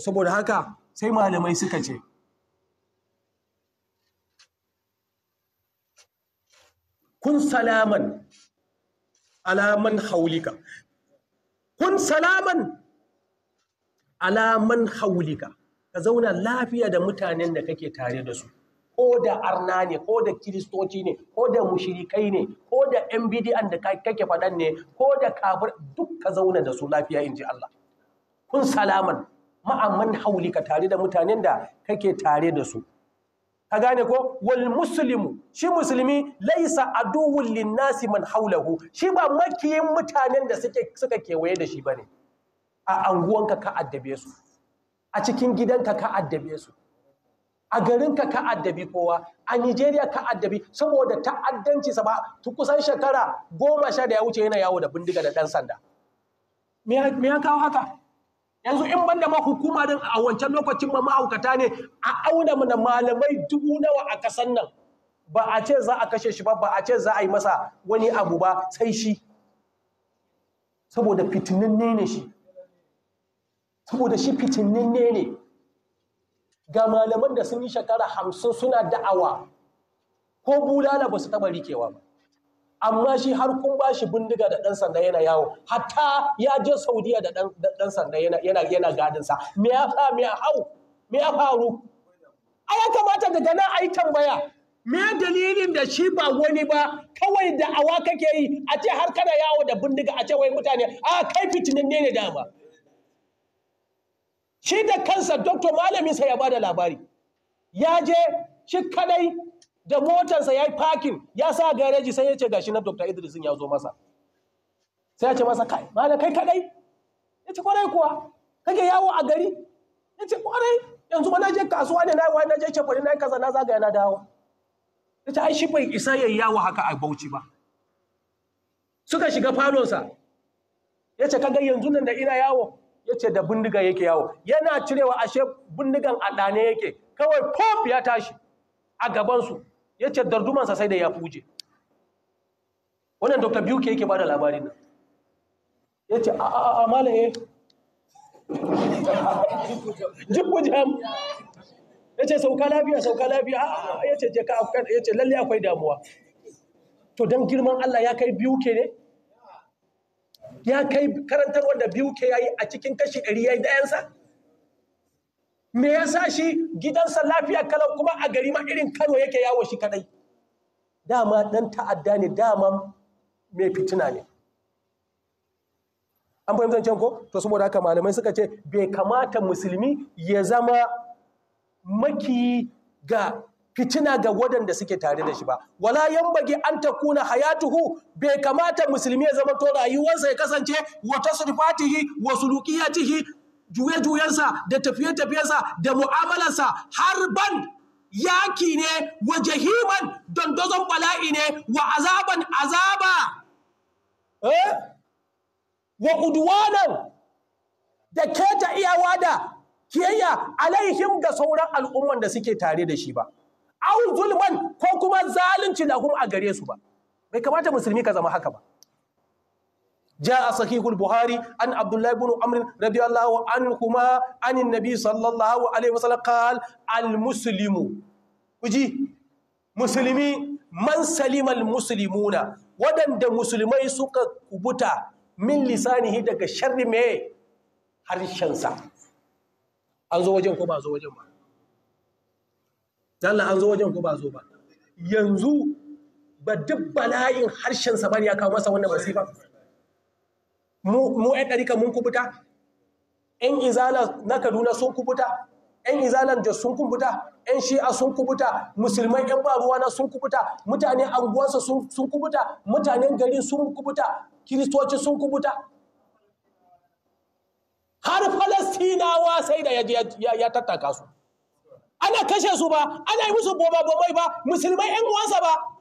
saboda haka sai malamai suka ce kun salaman alaman haulika kun salaman alaman haulika ka zauna lafiya da mutanen da kake tare da su ko da arna ne ko da kiristoci ne ko da mushirikai ne ko da yan bidiyan da kake faɗan ne ko da kafir duk ka zauna da su lafiya in ji Allah kun salaman ma'amman haulika tare da mutanen da kake tare da su ka gane ko wal muslimu shi musulmi laisa aduwwul linnasi man haulahu shi ba makiyin mutanen da suke suka kewaye da shi bane a anguwanka ka addabe su a cikin gidanka ka addabe su a garin ka addabi kowa a Nigeria ka addabi saboda ta'addanci sa ba kusan shekara goma sha da ya wuce yana yawo da bindiga da ɗan sanda me ya kawo haka yanzu in banda ma hukuma din a wancan lokacin ba ma'aukata ne a auna mana malamai dubu nawa a kasan nan ba a ce za a kashe shi ba ba a ce za a yi masa wani abu ba sai shi saboda fitinin ne ne shi saboda shi ne ne ga malaman da sun yi shekara hamsin suna da'awa ko bulala ba su taɓa rikewa ba amma shi har kun ba shi bindiga da ɗan sanda yana yawo hatta ya je saudiya da ɗan sanda yana yana gadinsa me ya fa me hau me ya faru a ya kamata daga nan a tambaya me dalilin da shi ba wani ba kawai da awa kake yi a ce har kana yawo da bindiga a ce wai mutane a kai fitinin ne dama shi da kansa doktor malamin sa ya bada labari ya je shi kadai da motarsa ya yi parking ya sa gareji sai ya ce gashi na Dr. Idris ya zo masa sai ya ce masa kai da kai kadai ya ce kwarai kuwa kage yawo a gari ya ce kwarai yanzu ba na je kasuwa ne na yi na je cefari na yi kaza na zagaya na dawo ya ce ai shi bai isa ya yawo haka a bauchi ba suka shiga falonsa ya ce kage yanzu nan da ina yawo ya ce da bindiga yake yawo yana cirewa ashe bindigan a ɗane yake kawai pop ya tashi a gabansu ya ce dardumansa sai da ya fuje wannan dr buke yake ba da labarin nan ya ce a a a malaye eh. jam ya ce sauka lafiya sauka lafiya a ya ce ya ce lalle akwai damuwa to don girman Allah ya kai buke ne ya kai karantar wanda buke ya yi a cikin kashi ɗari ya yi dayansa me ya sa shi gidansa lafiya kalau kuma a gari ma irin Kano yake yawo shi kadai dama dan ta'adda ne dama mai fitina ne an fahimtar can ko to saboda haka malamai suka ce bai kamata musulmi ya zama maki ga fitina ga waɗanda suke tare da shi ba wala yambage an takuna hayatuhu bai kamata musulmi ya zama to rayuwarsa ya kasance wa tasrifatihi wa sulukiyatihi juye-juyensa da tafiye-tafiyensa da mu'amalarsa ban yaki ne wa jahiman dandazon bala'i ne wa azaban azaba eh? wa udwanan da keta iyawa da kiyayya alaihim ga sauran al'umman da suke tare da shi ba au zulman ko kuma zalunci lahum a gare su ba bai kamata musulmi ka zama haka ba جاء صحيح البخاري عن عبد الله بن عمرو رضي الله عنهما عن النبي صلى الله عليه وسلم قال المسلم كجي مسلمي من سلم المسلمون ودند مسلمي سوك كبتا من لسانه دك شر مي harshensa an zo wajen ko ba zo wajen ba Allah an zo wajen ko ba zo ba yanzu ba duk bala'in harshensa bane ya kawo masa wannan masifa mu ɗan ɗarika mun kubuta ‘yan izala na kaduna sun kubuta ‘yan izalan da sun kubuta ‘yan shi'a sun kubuta musulman ‘yan baruwa na sun kubuta mutanen anguwansa sun kubuta mutanen garin sun kubuta kiristoci sun kubuta har falastinawa sai da ya tattaka su ana kashe su ba ana yi musu boba bobai ba musulman ‘yan uwansa ba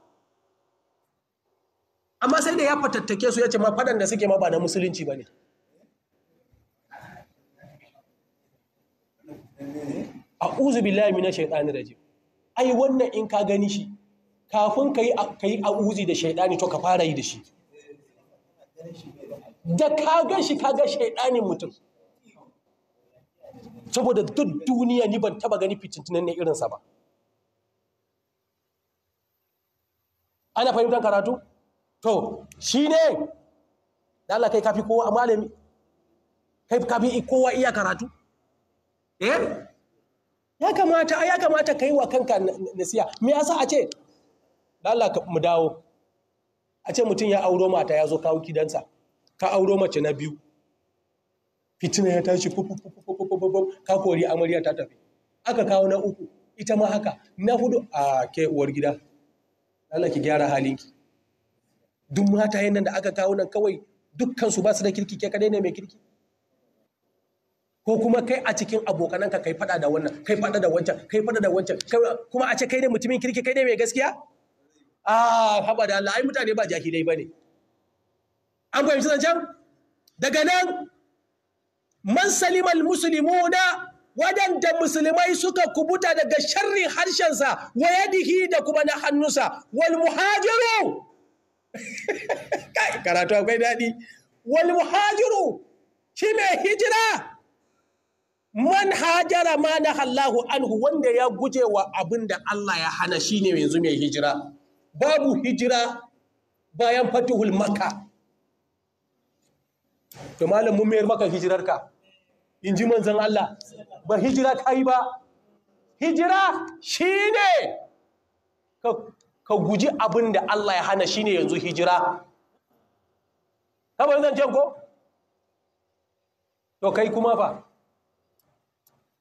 amma sai da ya fatattake su ya ce ma fadan da suke ma ba na musulunci ba ne a uzu billahi na shaidani raji ai wannan in ka gani shi kafin ka yi a uzi da shaidani to ka fara yi da shi da ka gan shi ka ga shaidanin mutum saboda duk duniya ni ban taba gani fitintunan ne irinsa ba ana fahimtar karatu? to shi ne da Allah kai kafi kowa a malami kai kafi kowa iya karatu eh ya kamata ya kamata kai wa kanka nasiya me yasa a ce da Allah mu dawo a ce mutum ya auro mata ya zo kawo kidansa ka auro mace na biyu fitina ya tashi ka kori amarya ta tafi aka kawo na uku ita ma haka na hudu a ke uwar gida Allah ki gyara halinki duk mata nan da aka kawo nan kawai dukkansu ba su da kirki ke kadai ne mai kirki ko kuma kai a cikin abokananka kai fada da wannan kai fada da wancan kai fada da wancan kuma a ce kai ne mutumin kirki kai ne mai gaskiya ah haba da Allah ai mutane ba jahilai bane an fahimci zancan daga nan man salimal muslimuna wadanda musulmai suka kubuta daga sharrin harshensa wa yadihi da kuma na hannunsa wal muhajiru karatu akwai daɗi wal muhajiru shi mai hijira man hajara ma na hallahu anhu wanda ya guje wa abin da Allah ya hana shi ne yanzu mai hijira babu hijira bayan fatihul maka to malam mun mayar maka ka in ji manzan Allah ba hijira ka yi ba hijira shi ne ka guji abin da Allah ya hana shine yanzu hijira kamar ce ko to kai kuma fa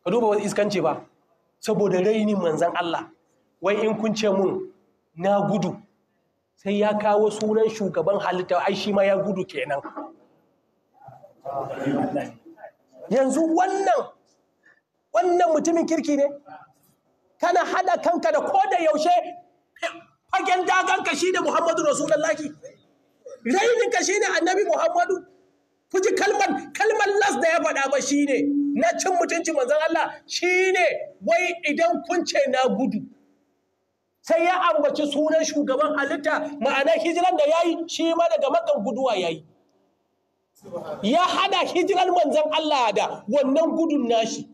ka duba wasu iskanci ba saboda raini manzan Allah wai in kun ce mun na gudu sai ya kawo sunan shugaban halitta ai shi ma ya gudu kenan yanzu wannan wannan mutumin kirki ne kana hada kanka da ko da yaushe fagen dagan ka ne Muhammadu Rasulullahi rainin ka ne Annabi Muhammadu kuji kalman kalmar las da ya faɗa ba shi ne, na cin mutunci manzon Allah Shi ne wai idan kun ce na gudu sai ya ambaci sunan shugaban halitta ma'ana hijiran da yayi shi ma daga makan guduwa yayi ya hada hijiran manzon Allah da wannan gudun nashi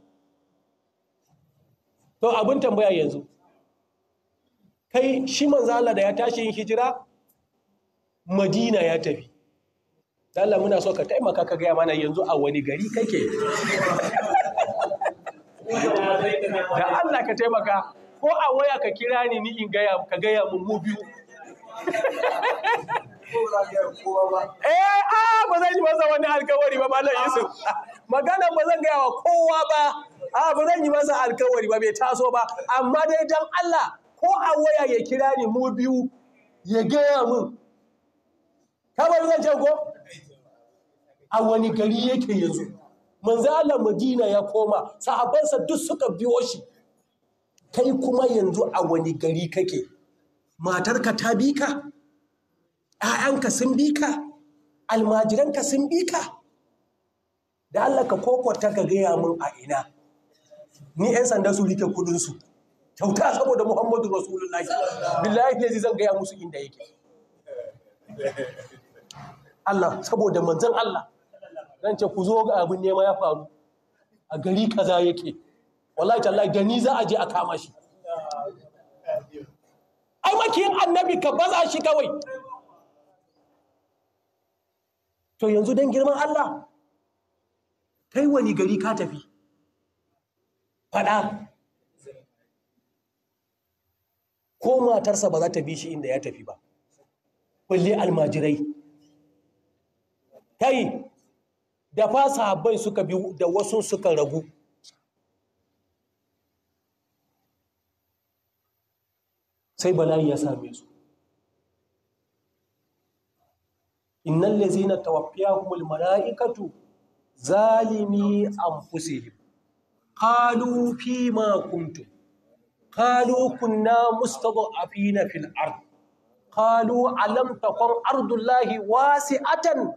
to abin tambaya yanzu kai shi manzo Allah da ya tashi yin hijira Madina ya tafi Allah muna so ka taimaka ka gaya mana yanzu a wani gari kake da Allah ka taimaka ko a waya ka kira ni ni in gaya ka gaya ya mu biyu eh a ah, ba zan yi masa wani alkawari ba malam Yusuf magana ba zan gaya wa kowa ba a ah, ba zan yi masa alkawari ba bai taso ba amma dai dan Allah ko a waya ya kira ni mu biyu ya gaya min kawai zan ko a wani gari yake yanzu manzo Madina ya koma sahabansa duk suka biyo shi kai kuma yanzu a wani gari kake matarka ta bi ka ‘ya'yanka sun bi ka almajiranka sun bi ka da Allah ka kokwata ka gaya mun a ina ni ‘yan sanda su rike kudinsu kyauta saboda Muhammadu Rasulullahi billahi ne zan gaya musu inda yake Allah saboda manzon Allah zan ce ku zo ga abin nema ya faru a gari kaza yake wallahi tallahi da ni za a je a kama shi ai makiyin annabi ka baza shi kawai to yanzu dan girman Allah kai wani gari ka tafi fada ko matarsa ba za ta bi shi inda ya tafi ba kulle almajirai kai da fa sahabbai suka bi da wasu suka ragu sai Balayi ya same su innal ladzina tawaffiyahumul mala'ikatu zalimi anfusihim qalu ma kuntum قالوا كنا مستضعفين في الأرض قالوا ألم تكن أرض الله واسعة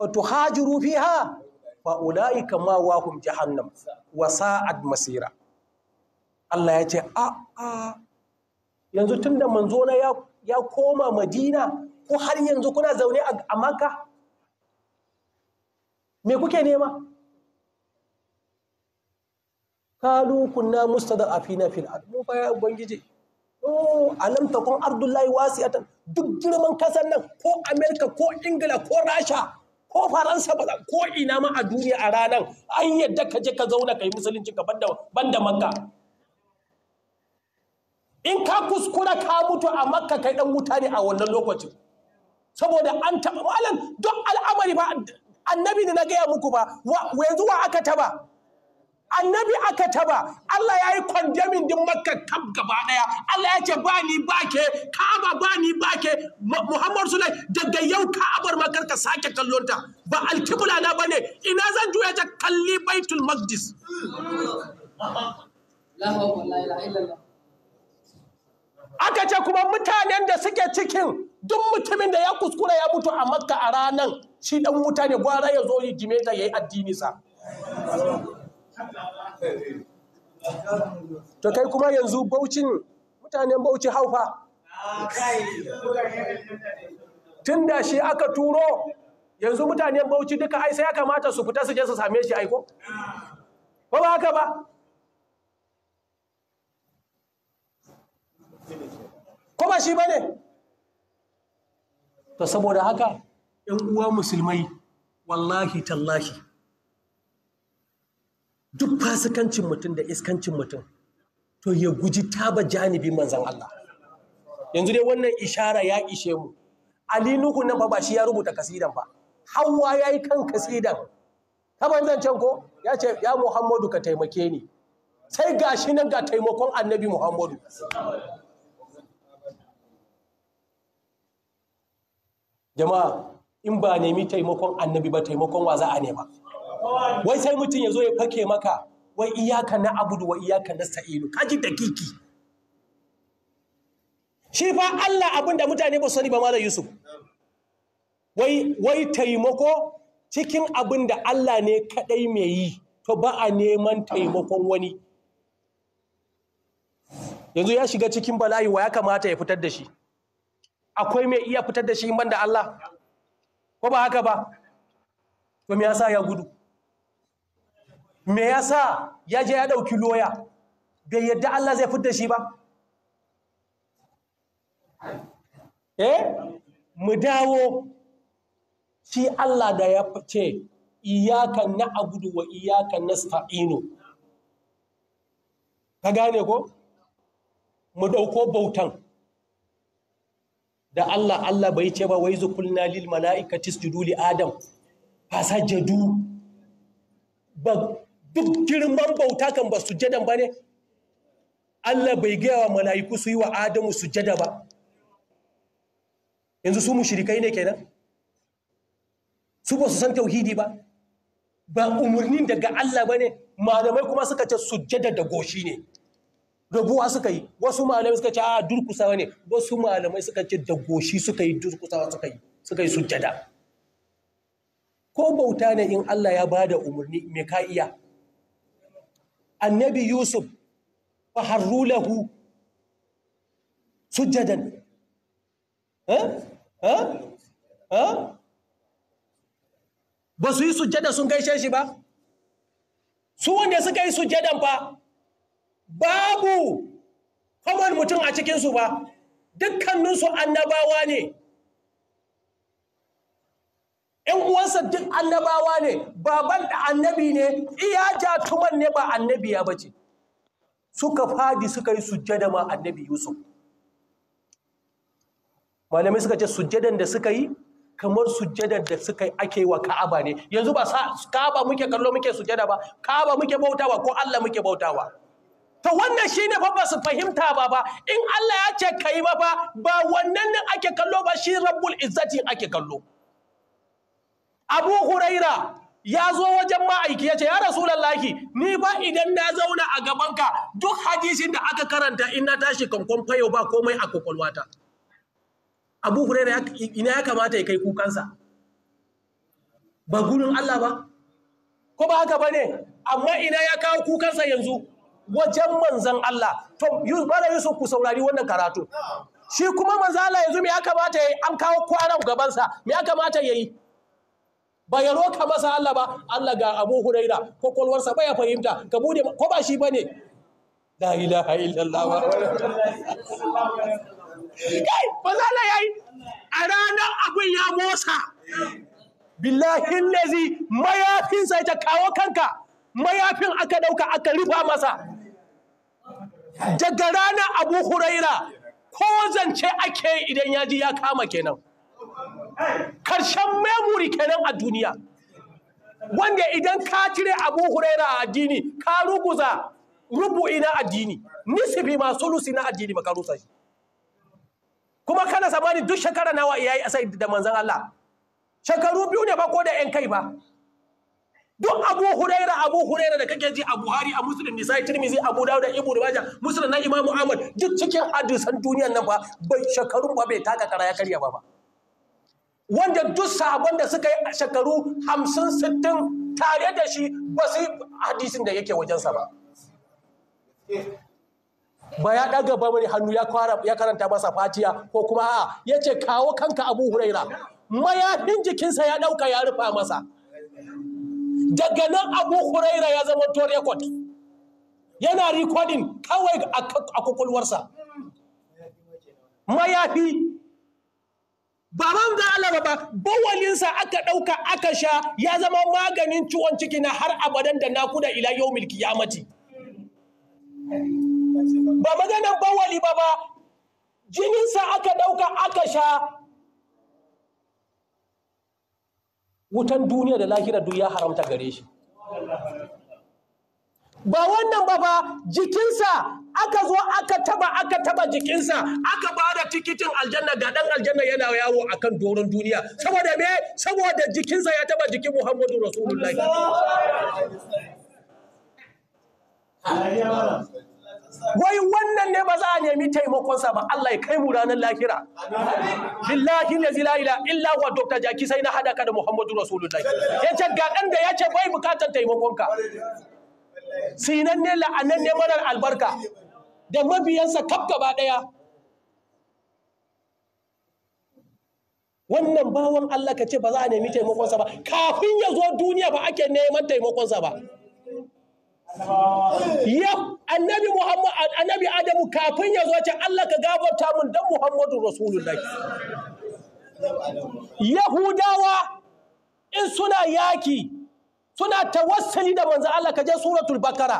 وتهاجروا فيها فأولئك ما واهم جهنم وساعد مسيرا الله يجي آآ آآ yanzu tunda manzo na ya ya koma Madina ko har yanzu kuna zaune a Makka me kuke nema kalu kunna mustada'afina fil ard mu fa ubangiji alam takun ardullahi wasi'atan duk girman kasan nan ko america ko ingila ko rasha ko faransa ba ko ina ma a duniya a ranar an yadda ka je ka zauna kai musulunci ka banda banda makka in ka kuskura ka mutu a makka kai dan wuta ne a wannan lokacin saboda an taba malam duk al'amari ba annabi ne na gaya muku ba yanzu wa aka taba annabi aka taba Allah ya yi kwandamin din makka kaf gaba daya Allah ya ce ba ni ba ke ka'aba ba ni ba ke Muhammad Sulai daga yau ka'abar makar ka sake kallon ta ba Al-Kibla na bane ina zan juya ta kalli baitul maqdis aka ce kuma mutanen da suke cikin duk mutumin da ya kuskura ya mutu a makka a ranan shi dan wuta ne gwara ya zo yi jime da yayi addini sa to kai kuma yanzu baucin mutanen bauchi haufa tun da shi aka turo yanzu mutanen bauchi duka ai sai ya kamata su fita su je su same shi aiko ba ba haka ba ko shi ba ne to saboda haka 'yan uwa musulmai wallahi tallahi duk fasikancin mutum da iskancin mutum to ya guji taba janibi manzan Allah yanzu dai wannan ishara ya ishe mu Ali Nuhu nan fa ba shi ya rubuta kasidan ba Hawwa yayi kan kasidan kaban zancen ko ya ce ya Muhammadu ka taimake ni sai gashi nan ga taimakon Annabi Muhammadu jama'a in ba nemi taimakon Annabi ba taimakon wa za a nema wai sai mutum ya zo ya fake maka wai iyaka na abudu wa iyaka na sa'inu kaji dakiki shi fa Allah abin da mutane ba sani ba da Yusuf wai wai taimako cikin abin da Allah ne kadai mai yi to ba a neman taimakon wani yanzu ya shiga cikin bala'i wa ya kamata ya fitar da shi akwai mai iya fitar da shi banda Allah ko ba haka ba to me yasa ya gudu me yasa ya je ya ɗauki loya bai yadda Allah zai fita shi ba eh mu dawo shi Allah da ya ce iyakan na abudu wa iyakan na sta'ino ka gane ko mu ɗauko bautan da Allah Allah bai ce ba wai zukulna lil mala'ikati isjudu li adam jadu ba duk girman bauta kan ba sujadan ba ne Allah bai gaya wa mala'iku su yi wa Adamu sujada ba yanzu su mu shirikai ne kenan su ba su san tauhidi ba ba umarnin daga Allah ba ne malamai kuma suka ce sujada da goshi ne rabuwa suka yi wasu malamai suka ce a durkusawa ne wasu malamai suka ce da goshi suka yi durkusawa suka yi suka yi sujjada ko bauta ne in Allah ya bada umarni mai ka iya annabi yusuf fa harru lahu sujjadan ba su yi sujjada sun gaishe shi ba su wanda suka yi sujjadan fa, babu kamar mutum a cikinsu ba dukkaninsu annabawa ne ‘yan uwansa duk annabawa ne, baban da annabi ne, iya jatuman ne ba annabiya ya bace Suka fadi suka yi sujjada ma annabi Yusuf. Malamai suka ce sujjadan da suka yi, kamar sujjadan da suka yi ake wa Ka'aba ne yanzu ba Ka'aba muke kallo muke sujjada ba Ka'aba muke bautawa ko Allah muke bautawa to wannan shi ne ba su fahimta ba ba in Allah ya ce ka yi ba ba wannan nan ake kallo ba shi Rabbul Izzati ake kallo abu huraira ya zo wajen ma'aiki ya ce ya rasulallahi ni ba idan na zauna a gabanka duk hadisin da aka karanta in na tashi kankon fayo ba komai a kwakwalwata abu huraira ina ya kamata ya kai kukansa ba gurin allah ba ko ba haka ba ne amma ina ya kawo kukansa yanzu wajen manzan Allah to bada Yusuf ku saurari wannan karatu shi kuma manzan Allah yanzu me ya kamata yi an kawo kwanan gabansa me ya kamata yi? ba ya roka masa Allah ba Allah ga Abu Huraira kwakwalwarsa ba ya fahimta ka bude ko ba shi bane la ilaha illallah kai ba yayi a ranar abin ya motsa billahi lazi mayafin sai ta kawo kanka mayafin aka dauka aka rufa masa daga ranar Abu Huraira ko zance ake idan ya ji ya kama kenan karshen memory kenan a duniya wanda idan ka cire abu huraira a addini ka ruguza rubu'i na addini nisifi masu lusi na addini ba ka rusa shi kuma kana samani duk shekara nawa yi asai da manzan Allah shekaru biyu ne ba ko da yan kai ba duk abu huraira abu huraira da kake ji a buhari a muslim nisai turmizi abu dawo da da bajan musulun na imamu ahmad duk cikin hadisan duniyan nan ba bai shekarun ba bai taka kara ya karya ba ba wanda duk sabon da suka yi a shekaru hamsin sittin tare da shi ba su yi hadisin da yake wajensa ba ba ya ɗaga ba mai hannu ya karanta masa fatiya ko kuma a'a ya ce kawo kanka abu huraira mayafin jikinsa ya ɗauka ya rufa masa daga nan abu huraira ya zama to rekod yana rikodin kawai a kukulwarsa. mayafi baban ga Allah ba bawalinsa aka ɗauka aka sha ya zama maganin ciwon ciki na har abadan da nakuda ila yau milki yamati ba maganan bawali ba ba jininsa aka ɗauka aka sha wutan duniya da lahira duk ya haramta gare shi ba wannan ba ba jikinsa aka zo aka taba aka taba jikinsa aka bada tikitin aljanna ga dan aljanna yana yawo akan doron duniya saboda me saboda jikinsa ya taba jikin Muhammadu Rasulullahi wai wannan ne ba za a nemi taimakonsa ba Allah ya kai mu ranar lahira lillahi ne zila ila illa wa dr jaki sai na hada ka da muhammadu rasulullahi ce ga dan da ya ce bai bukatar taimakonka Sinanne la'anan ne marar albarka da mabiyansa kaf gaba ɗaya wannan bawan Allah ka ce ba za a nemi taimakonsa ba kafin ya zo duniya ba ake neman taimakonsa ba yau annabi muhammad annabi adamu kafin ya zo ce Allah ka gabata mun dan muhammadu rasulullahi yahudawa in suna yaki suna tawassali da manzo Allah kaje suratul bakara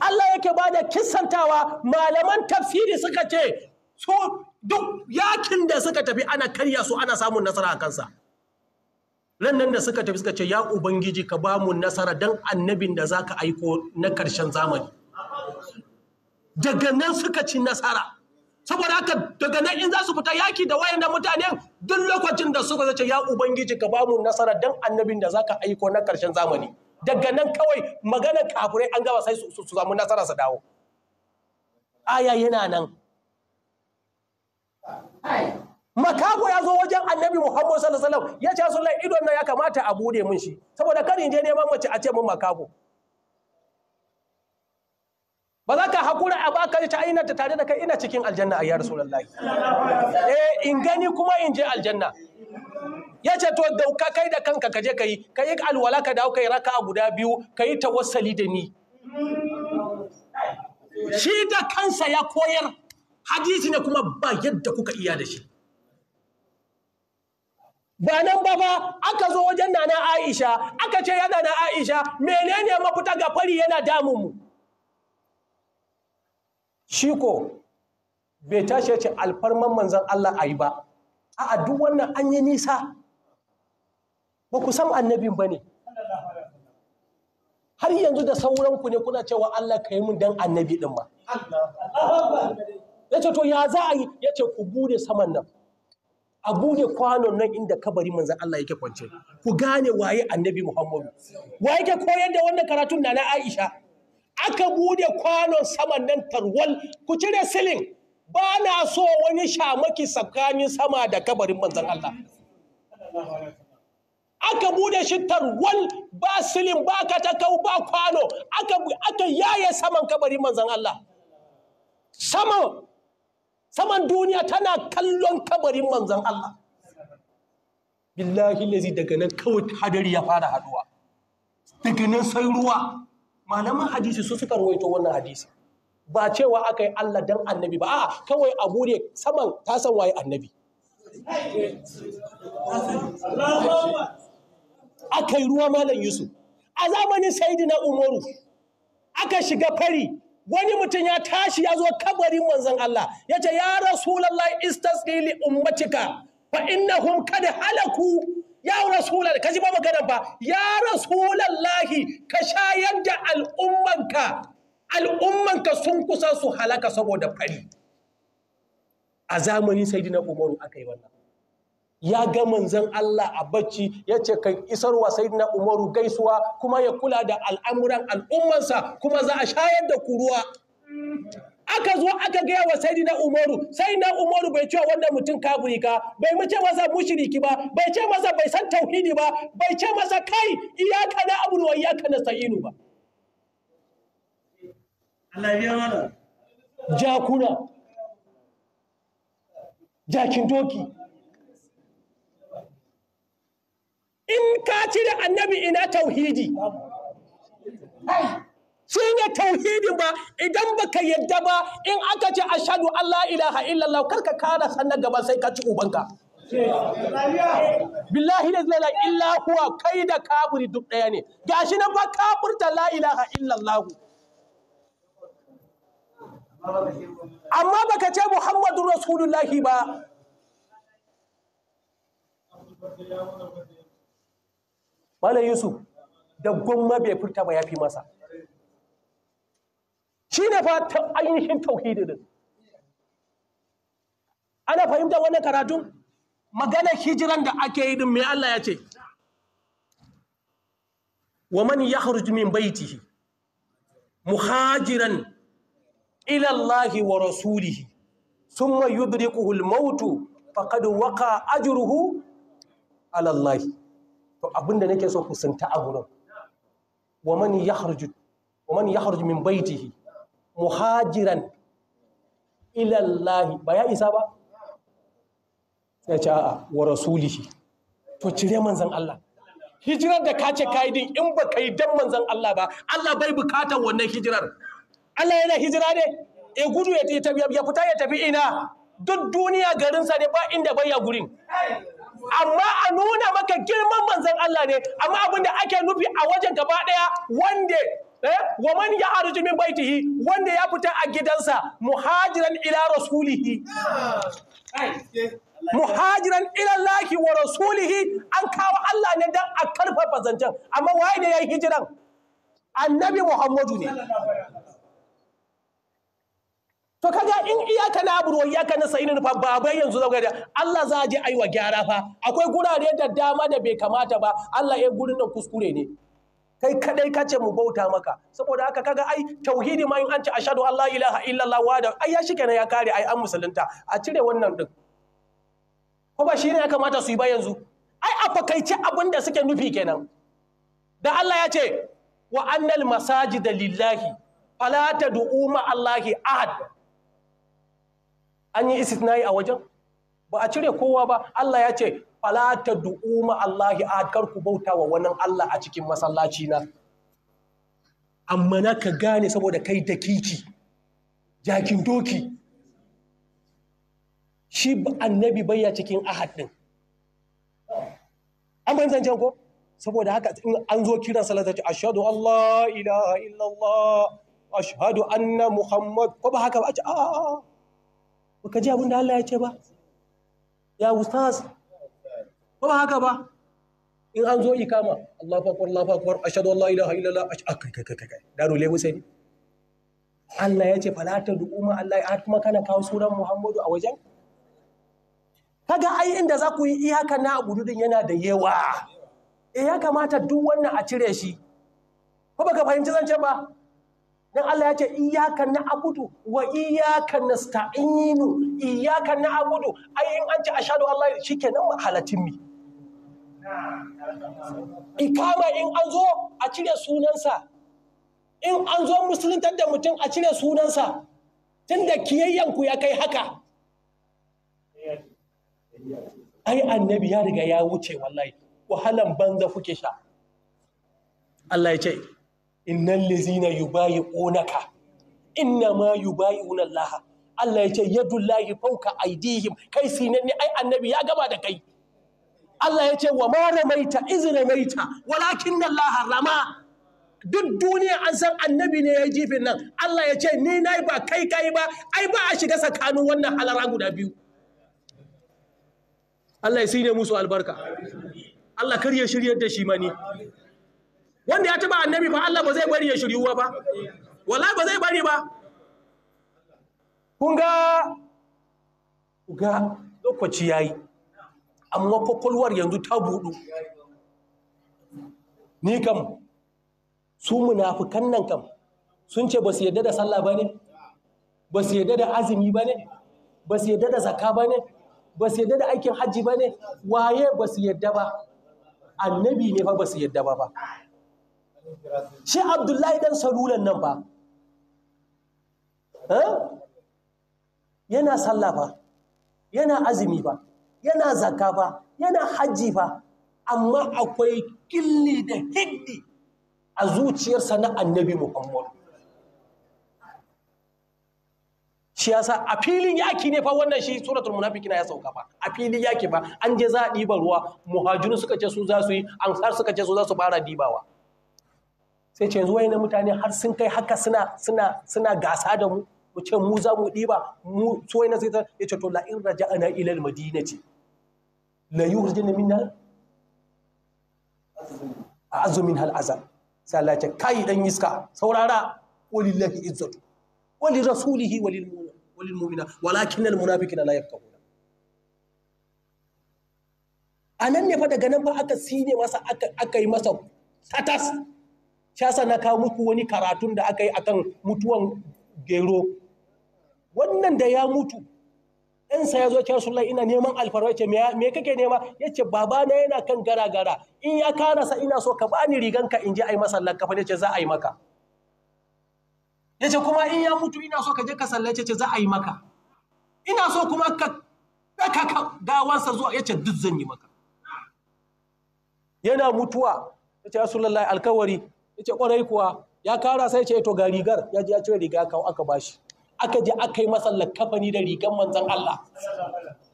Allah yake bada kissantawa malaman tafsiri suka ce su duk yakin da suka tafi ana karya su ana samun nasara a kansa nan da suka tafi suka ce ya ubangiji ka bamu nasara dan annabin da zaka aiko na karshen zamani daga nan suka ci nasara saboda haka daga nan in za su fita yaki da wayan da mutanen duk lokacin da suka zace ya ubangiji ka bamu nasara dan annabin da zaka aiko na karshen zamani daga nan kawai magana kafirai an gaba sai su samu nasara su dawo aya yana nan makago ya zo wajen annabi Muhammadu sallallahu alaihi wasallam ya ce sallallahu idon na ya kamata a bude mun shi saboda kar in je neman mace a ce mun makago ba za ka haƙura a baka ta aina ta tare da kai ina cikin aljanna a ya rasulullahi eh in gani kuma in je aljanna ya ce to dauka kai da kanka ka je ka yi ka yi alwala ka dawo ka yi raka guda biyu ka yi wasali da ni shi da kansa ya koyar hadisi ne kuma ba yadda kuka iya da shi ba nan ba ba aka zo wajen nana Aisha aka ce yana na Aisha menene mafita ga fari yana damun mu shi ko bai tashi ya ce alfarman manzan Allah a yi ba a duk wannan an yi nisa ba ku san annabin ba ne har yanzu da sauranku ne kuna cewa Allah ka yi mun dan annabi din ba ya ce to ya za a yi ya ce ku bude saman nan a buɗe kwanon nan inda kabari manzan Allah yake kwance ku gane waye annabi Muhammadu waye ke koyar da wannan karatun na na Aisha aka bude kwanon saman nan tarwal ku cire silin ba na so wani shamaki tsakanin sama da kabarin manzan Allah aka bude shi tarwal ba silin ba katakau ba kwano aka aka yaye saman kabarin manzan Allah sama saman duniya tana kallon kabarin manzan Allah billahi lazi daga nan kawai hadari ya fara haduwa daga nan sai ruwa malaman hadisi su suka ruwaito wannan hadisi ba cewa aka yi Allah dan annabi ba a kawai abu ne saman ta san waye annabi aka yi ruwa malam Yusuf a zamanin Sayyidina Umaru aka shiga fari wani mutum ya tashi ya zo kabarin manzon Allah ya ce ya Rasulullahi istasqi li ummatika fa innahum kad halaku ya rasulallahi ka ji ba maganar ba ya rasulallahi ka shayar da al'ummanka al'ummanka sun kusa su halaka saboda fari a zamani sayyidina umaru aka yi wannan ya ga manzan Allah a bacci ya ce kai isarwa sayyidina umaru gaisuwa kuma ya kula da al'amuran al'ummansa kuma za a shayar da kuruwa aka zo aka gaya wa sai na umaru sai na umaru bai ce wannan mutum kafiri ka bai mu ce masa mushriki ba bai ce masa bai san tauhidi ba bai ce masa kai iyaka na abu wa iyaka na sayinu ba jakuna jakin doki in ka cire annabi ina tauhidi sunya tauhidi ba idan baka yadda ba in aka ce ashadu Allah ilaha illallah ka kara sannan gaba sai ka ci ubanka billahi la ilaha illa huwa kai da kafiri duk ɗaya ne gashi na ba kafirta la ilaha illallah amma baka ce muhammadu rasulullahi ba Malam Yusuf, da gwamma bai furta ba ya fi masa. shi ne fa ainihin tauhidi din ana fahimta wannan karatun maganar hijiran da ake yi din mai Allah ya ce wa man yakhruj min baitihi muhajiran ila Allah wa rasulihi thumma yudrikuhu al-maut faqad waqa ajruhu ala Allah to abinda nake so ku santa a gurin wa man yakhruj wa man yakhruj min baitihi muhajiran ilallahi ba ya isa ba ya ce a'a wa rasulihi to cire manzan Allah hijirar da ka ce kaidin din in ba ka yi dan manzan Allah ba Allah bai bukatar wannan hijirar Allah yana hijira ne E, gudu ya fita ya tafi ina duk duniya garinsa ne ba inda bai ya gurin amma a nuna maka girman manzan Allah ne amma abin da ake nufi a wajen gaba ɗaya wanda Eh? wa man ya'ruju min baitihi wanda ya fita a gidansa muhajiran ila rasulihi muhajiran ila ilallahi wa rasulihi an kawo Allah ne dan a karfafa zancen amma waye ne yayi hijiran annabi Muhammadu ne to kaga in iyaka na ya iyaka na sayin fa babai yanzu zaka da Allah za a je aiwa gyara fa akwai gurare da dama da bai kamata ba Allah ya gurin da kuskure ne kai kadai ce mu bauta maka saboda haka kaga ai tauhidi ma in an ci ashhadu an la ilaha illallah wa da ai ya shikenan ya kare ai an musulunta a cire wannan din ko ba shine ya kamata su yi ba yanzu ai a fakaice abin da suke nufi kenan da Allah ya ce wa annal masajida lillahi fala tad'u ma allahi ahad an yi istinai a wajen ba a cire kowa ba Allah ya ce fala ta ma Allahi a kar ku bauta wa wannan Allah a cikin masallaci na amma na ka gane saboda kai kiki, jakin doki shi annabi bayya cikin ahad din an bayan zancen ko saboda haka in an zo kiran salata ce ashadu Allah ilaha illallah ashhadu anna muhammad ko ba haka ba a ce a ba ka ji abin da Allah ya ce ba ya ustaz ba haka ba in an zo ikama Allahu akbar Allahu akbar a an la ilaha illallah ah, kai kai kai kai daru sai musai Allah ya ce fala ta du'uma Allah ya ah, kuma kana kawo suran Muhammadu a wajen kaga ai inda za ku yi iyaka na gududun yana da yawa eh ya kamata duk wannan a cire shi ko baka fahimci zance ba dan Allah ya ce iyyaka na'budu wa iyyaka nasta'inu iyyaka na'budu ai in an ce ashhadu an shikenan halatin mi ikama in an zo a cire sunansa in an zo musulunta da mutum a cire sunansa tun da kiyayyanku ya kai haka ai annabi ya riga ya wuce wallahi wahalan banza kuke sha Allah ya ce innal lizina yubayi'unaka inna ma yubayi'una Allah Allah ya ce yadullahi fawka aydihim kai sinan ai annabi ya gama da kai Allah ya ce wa ma ramaita izina maita walakin Allah rama duk duniya an san annabi ne ya yi jifin nan Allah ya ce ni na ba kai kai ba ai ba a shiga tsakanin wannan halara guda biyu Allah ya sine musu albarka Allah kar ya shiryar da shi mani wanda ya taba annabi fa Allah ba zai bari ya shiryuwa ba wallahi ba zai bari ba kun ga ga lokaci yayi amma kwakwalwar yanzu ta buɗu ni kam su munafukan nan kam sun ce ba su yadda da sallah ba ne ba su yadda da azumi ba ne ba su yadda da zaka ba ne ba su yadda da aikin hajji ba ne waye ba su yadda ba annabi ne fa ba su yadda ba ba shi abdullahi dan salulan nan fa eh? yana sallah fa yana azumi ba? yana zaka ba yana hajji ba amma akwai killi da hiddi a zuciyarsa na annabi muhammadu shi yasa a filin yaki ne fa wannan shi suratul munafiki ya sauka fa a filin yaki fa an je za a ɗiba ruwa muhajiru suka ce su za su yi ansar suka ce su za su fara dibawa sai ce yanzu wai na mutane har sun kai haka suna suna suna gasa da mu mu ce mu za mu ɗiba mu so na sai ta ce to la in raja'ana ila al-madinati la yukhrijuna minna azumin hal azab sai Allah ce kai dan iska saurara walillahi izzatu wali rasulihi walil mu'minin walil mu'mina walakinnal munafiqina la yafqahuna anan ne fa daga nan ba aka sine masa aka aka yi masa tatas shasa na kawo muku wani karatun da aka yi akan mutuwan gero wannan da ya mutu ɗansa ya zo ya rasulullah ina neman alfarwa ce me kake nema ya ce babana yana kan gara-gara in ya karasa ina so ka bani riganka in je a yi masa lakafa ne ce za a yi maka ya ce kuma in ya mutu ina so ka je ka sallace ce za a yi maka ina so kuma ka ɗaka gawansa zuwa ya ce duk zan yi maka yana mutuwa ya ce lallai alkawari ya ce kwarai kuwa ya kara sai ce eh, to ga rigar ya ji ya cire riga kawo aka bashi aka je aka yi masa lakafani da rigan manzan Allah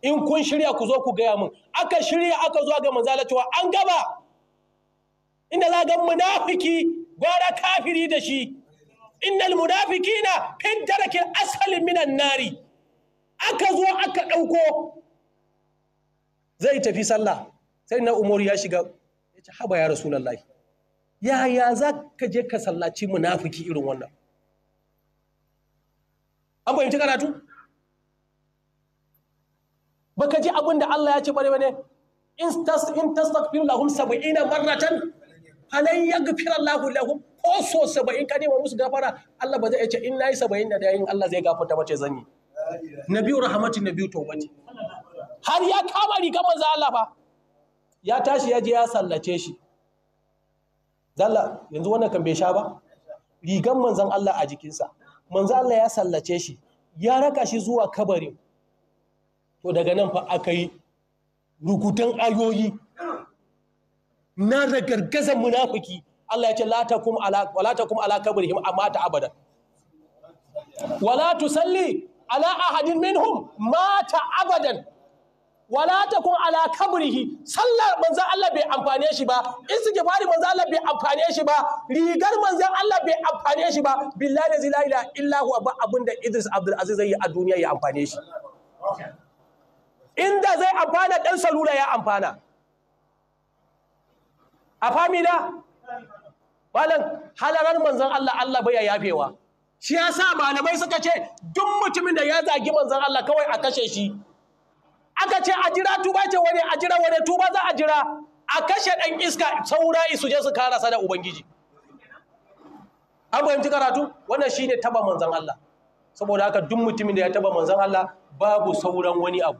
in kun shirya ku zo ku gaya mun aka shirya aka zo ga manzala cewa an gaba inda za ga munafiki gwara kafiri da shi munafiki na fi ke asalin minan nari aka zo aka ɗauko. zai tafi sallah sai na umar ya shiga ya ce haba ya rasulullahi yaya za ka je ka sallaci munafiki irin wannan an fahimci karatu baka ji abin da Allah ya ce bare bane in tas in tastaghfiru lahum 70 marratan falan yaghfira Allahu lahum ko so 70 ka nema musu gafara Allah ba zai ce in nayi 70 da dayin Allah zai gafarta mace zan yi nabiyu rahmatin nabiyu tawbati har ya kama riga manzo Allah ba ya tashi ya je ya sallace shi dalla yanzu wannan kan bai sha ba rigar manzon Allah a jikinsa manzo Allah ya sallace shi ya raka shi zuwa kabari to daga nan fa aka yi rukutan ayoyi na ragargazan munafiki Allah ya ce la takum ala wala takum ala kabrihim wala tusalli ala ahadin minhum mata abadan wala kun ala kabrihi sallar manzan Allah bai amfane shi ba istighfari manzan Allah bai amfane shi ba rigar manzan Allah bai amfane shi ba billahi la ilaha illa huwa ba abinda Idris Abdul Aziz zai yi a duniya ya amfane shi inda zai amfana dan salula ya amfana a da malam halarar manzan Allah Allah bai yafewa shi yasa malamai suka ce duk mutumin da ya zagi manzan Allah kawai a kashe shi aka ce a jira tuba ce wani a jira wani tuba za a jira a kashe ɗan iska saura isu je su karasa da ubangiji an fahimci karatu wannan ne taba manzon Allah saboda haka duk mutumin da ya taba manzon Allah babu sauran wani abu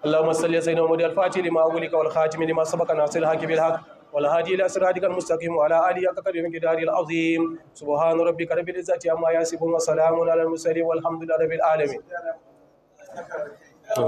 اللهم صل على سيدنا محمد الفاتح لما أغلق والخاتم لما سبق ناصر الحق بالحق والهادي إلى صراطك المستقيم وعلى آله قدر من قدار العظيم سبحان ربك رب العزة عما يصفون وسلام على المرسلين والحمد لله رب العالمين to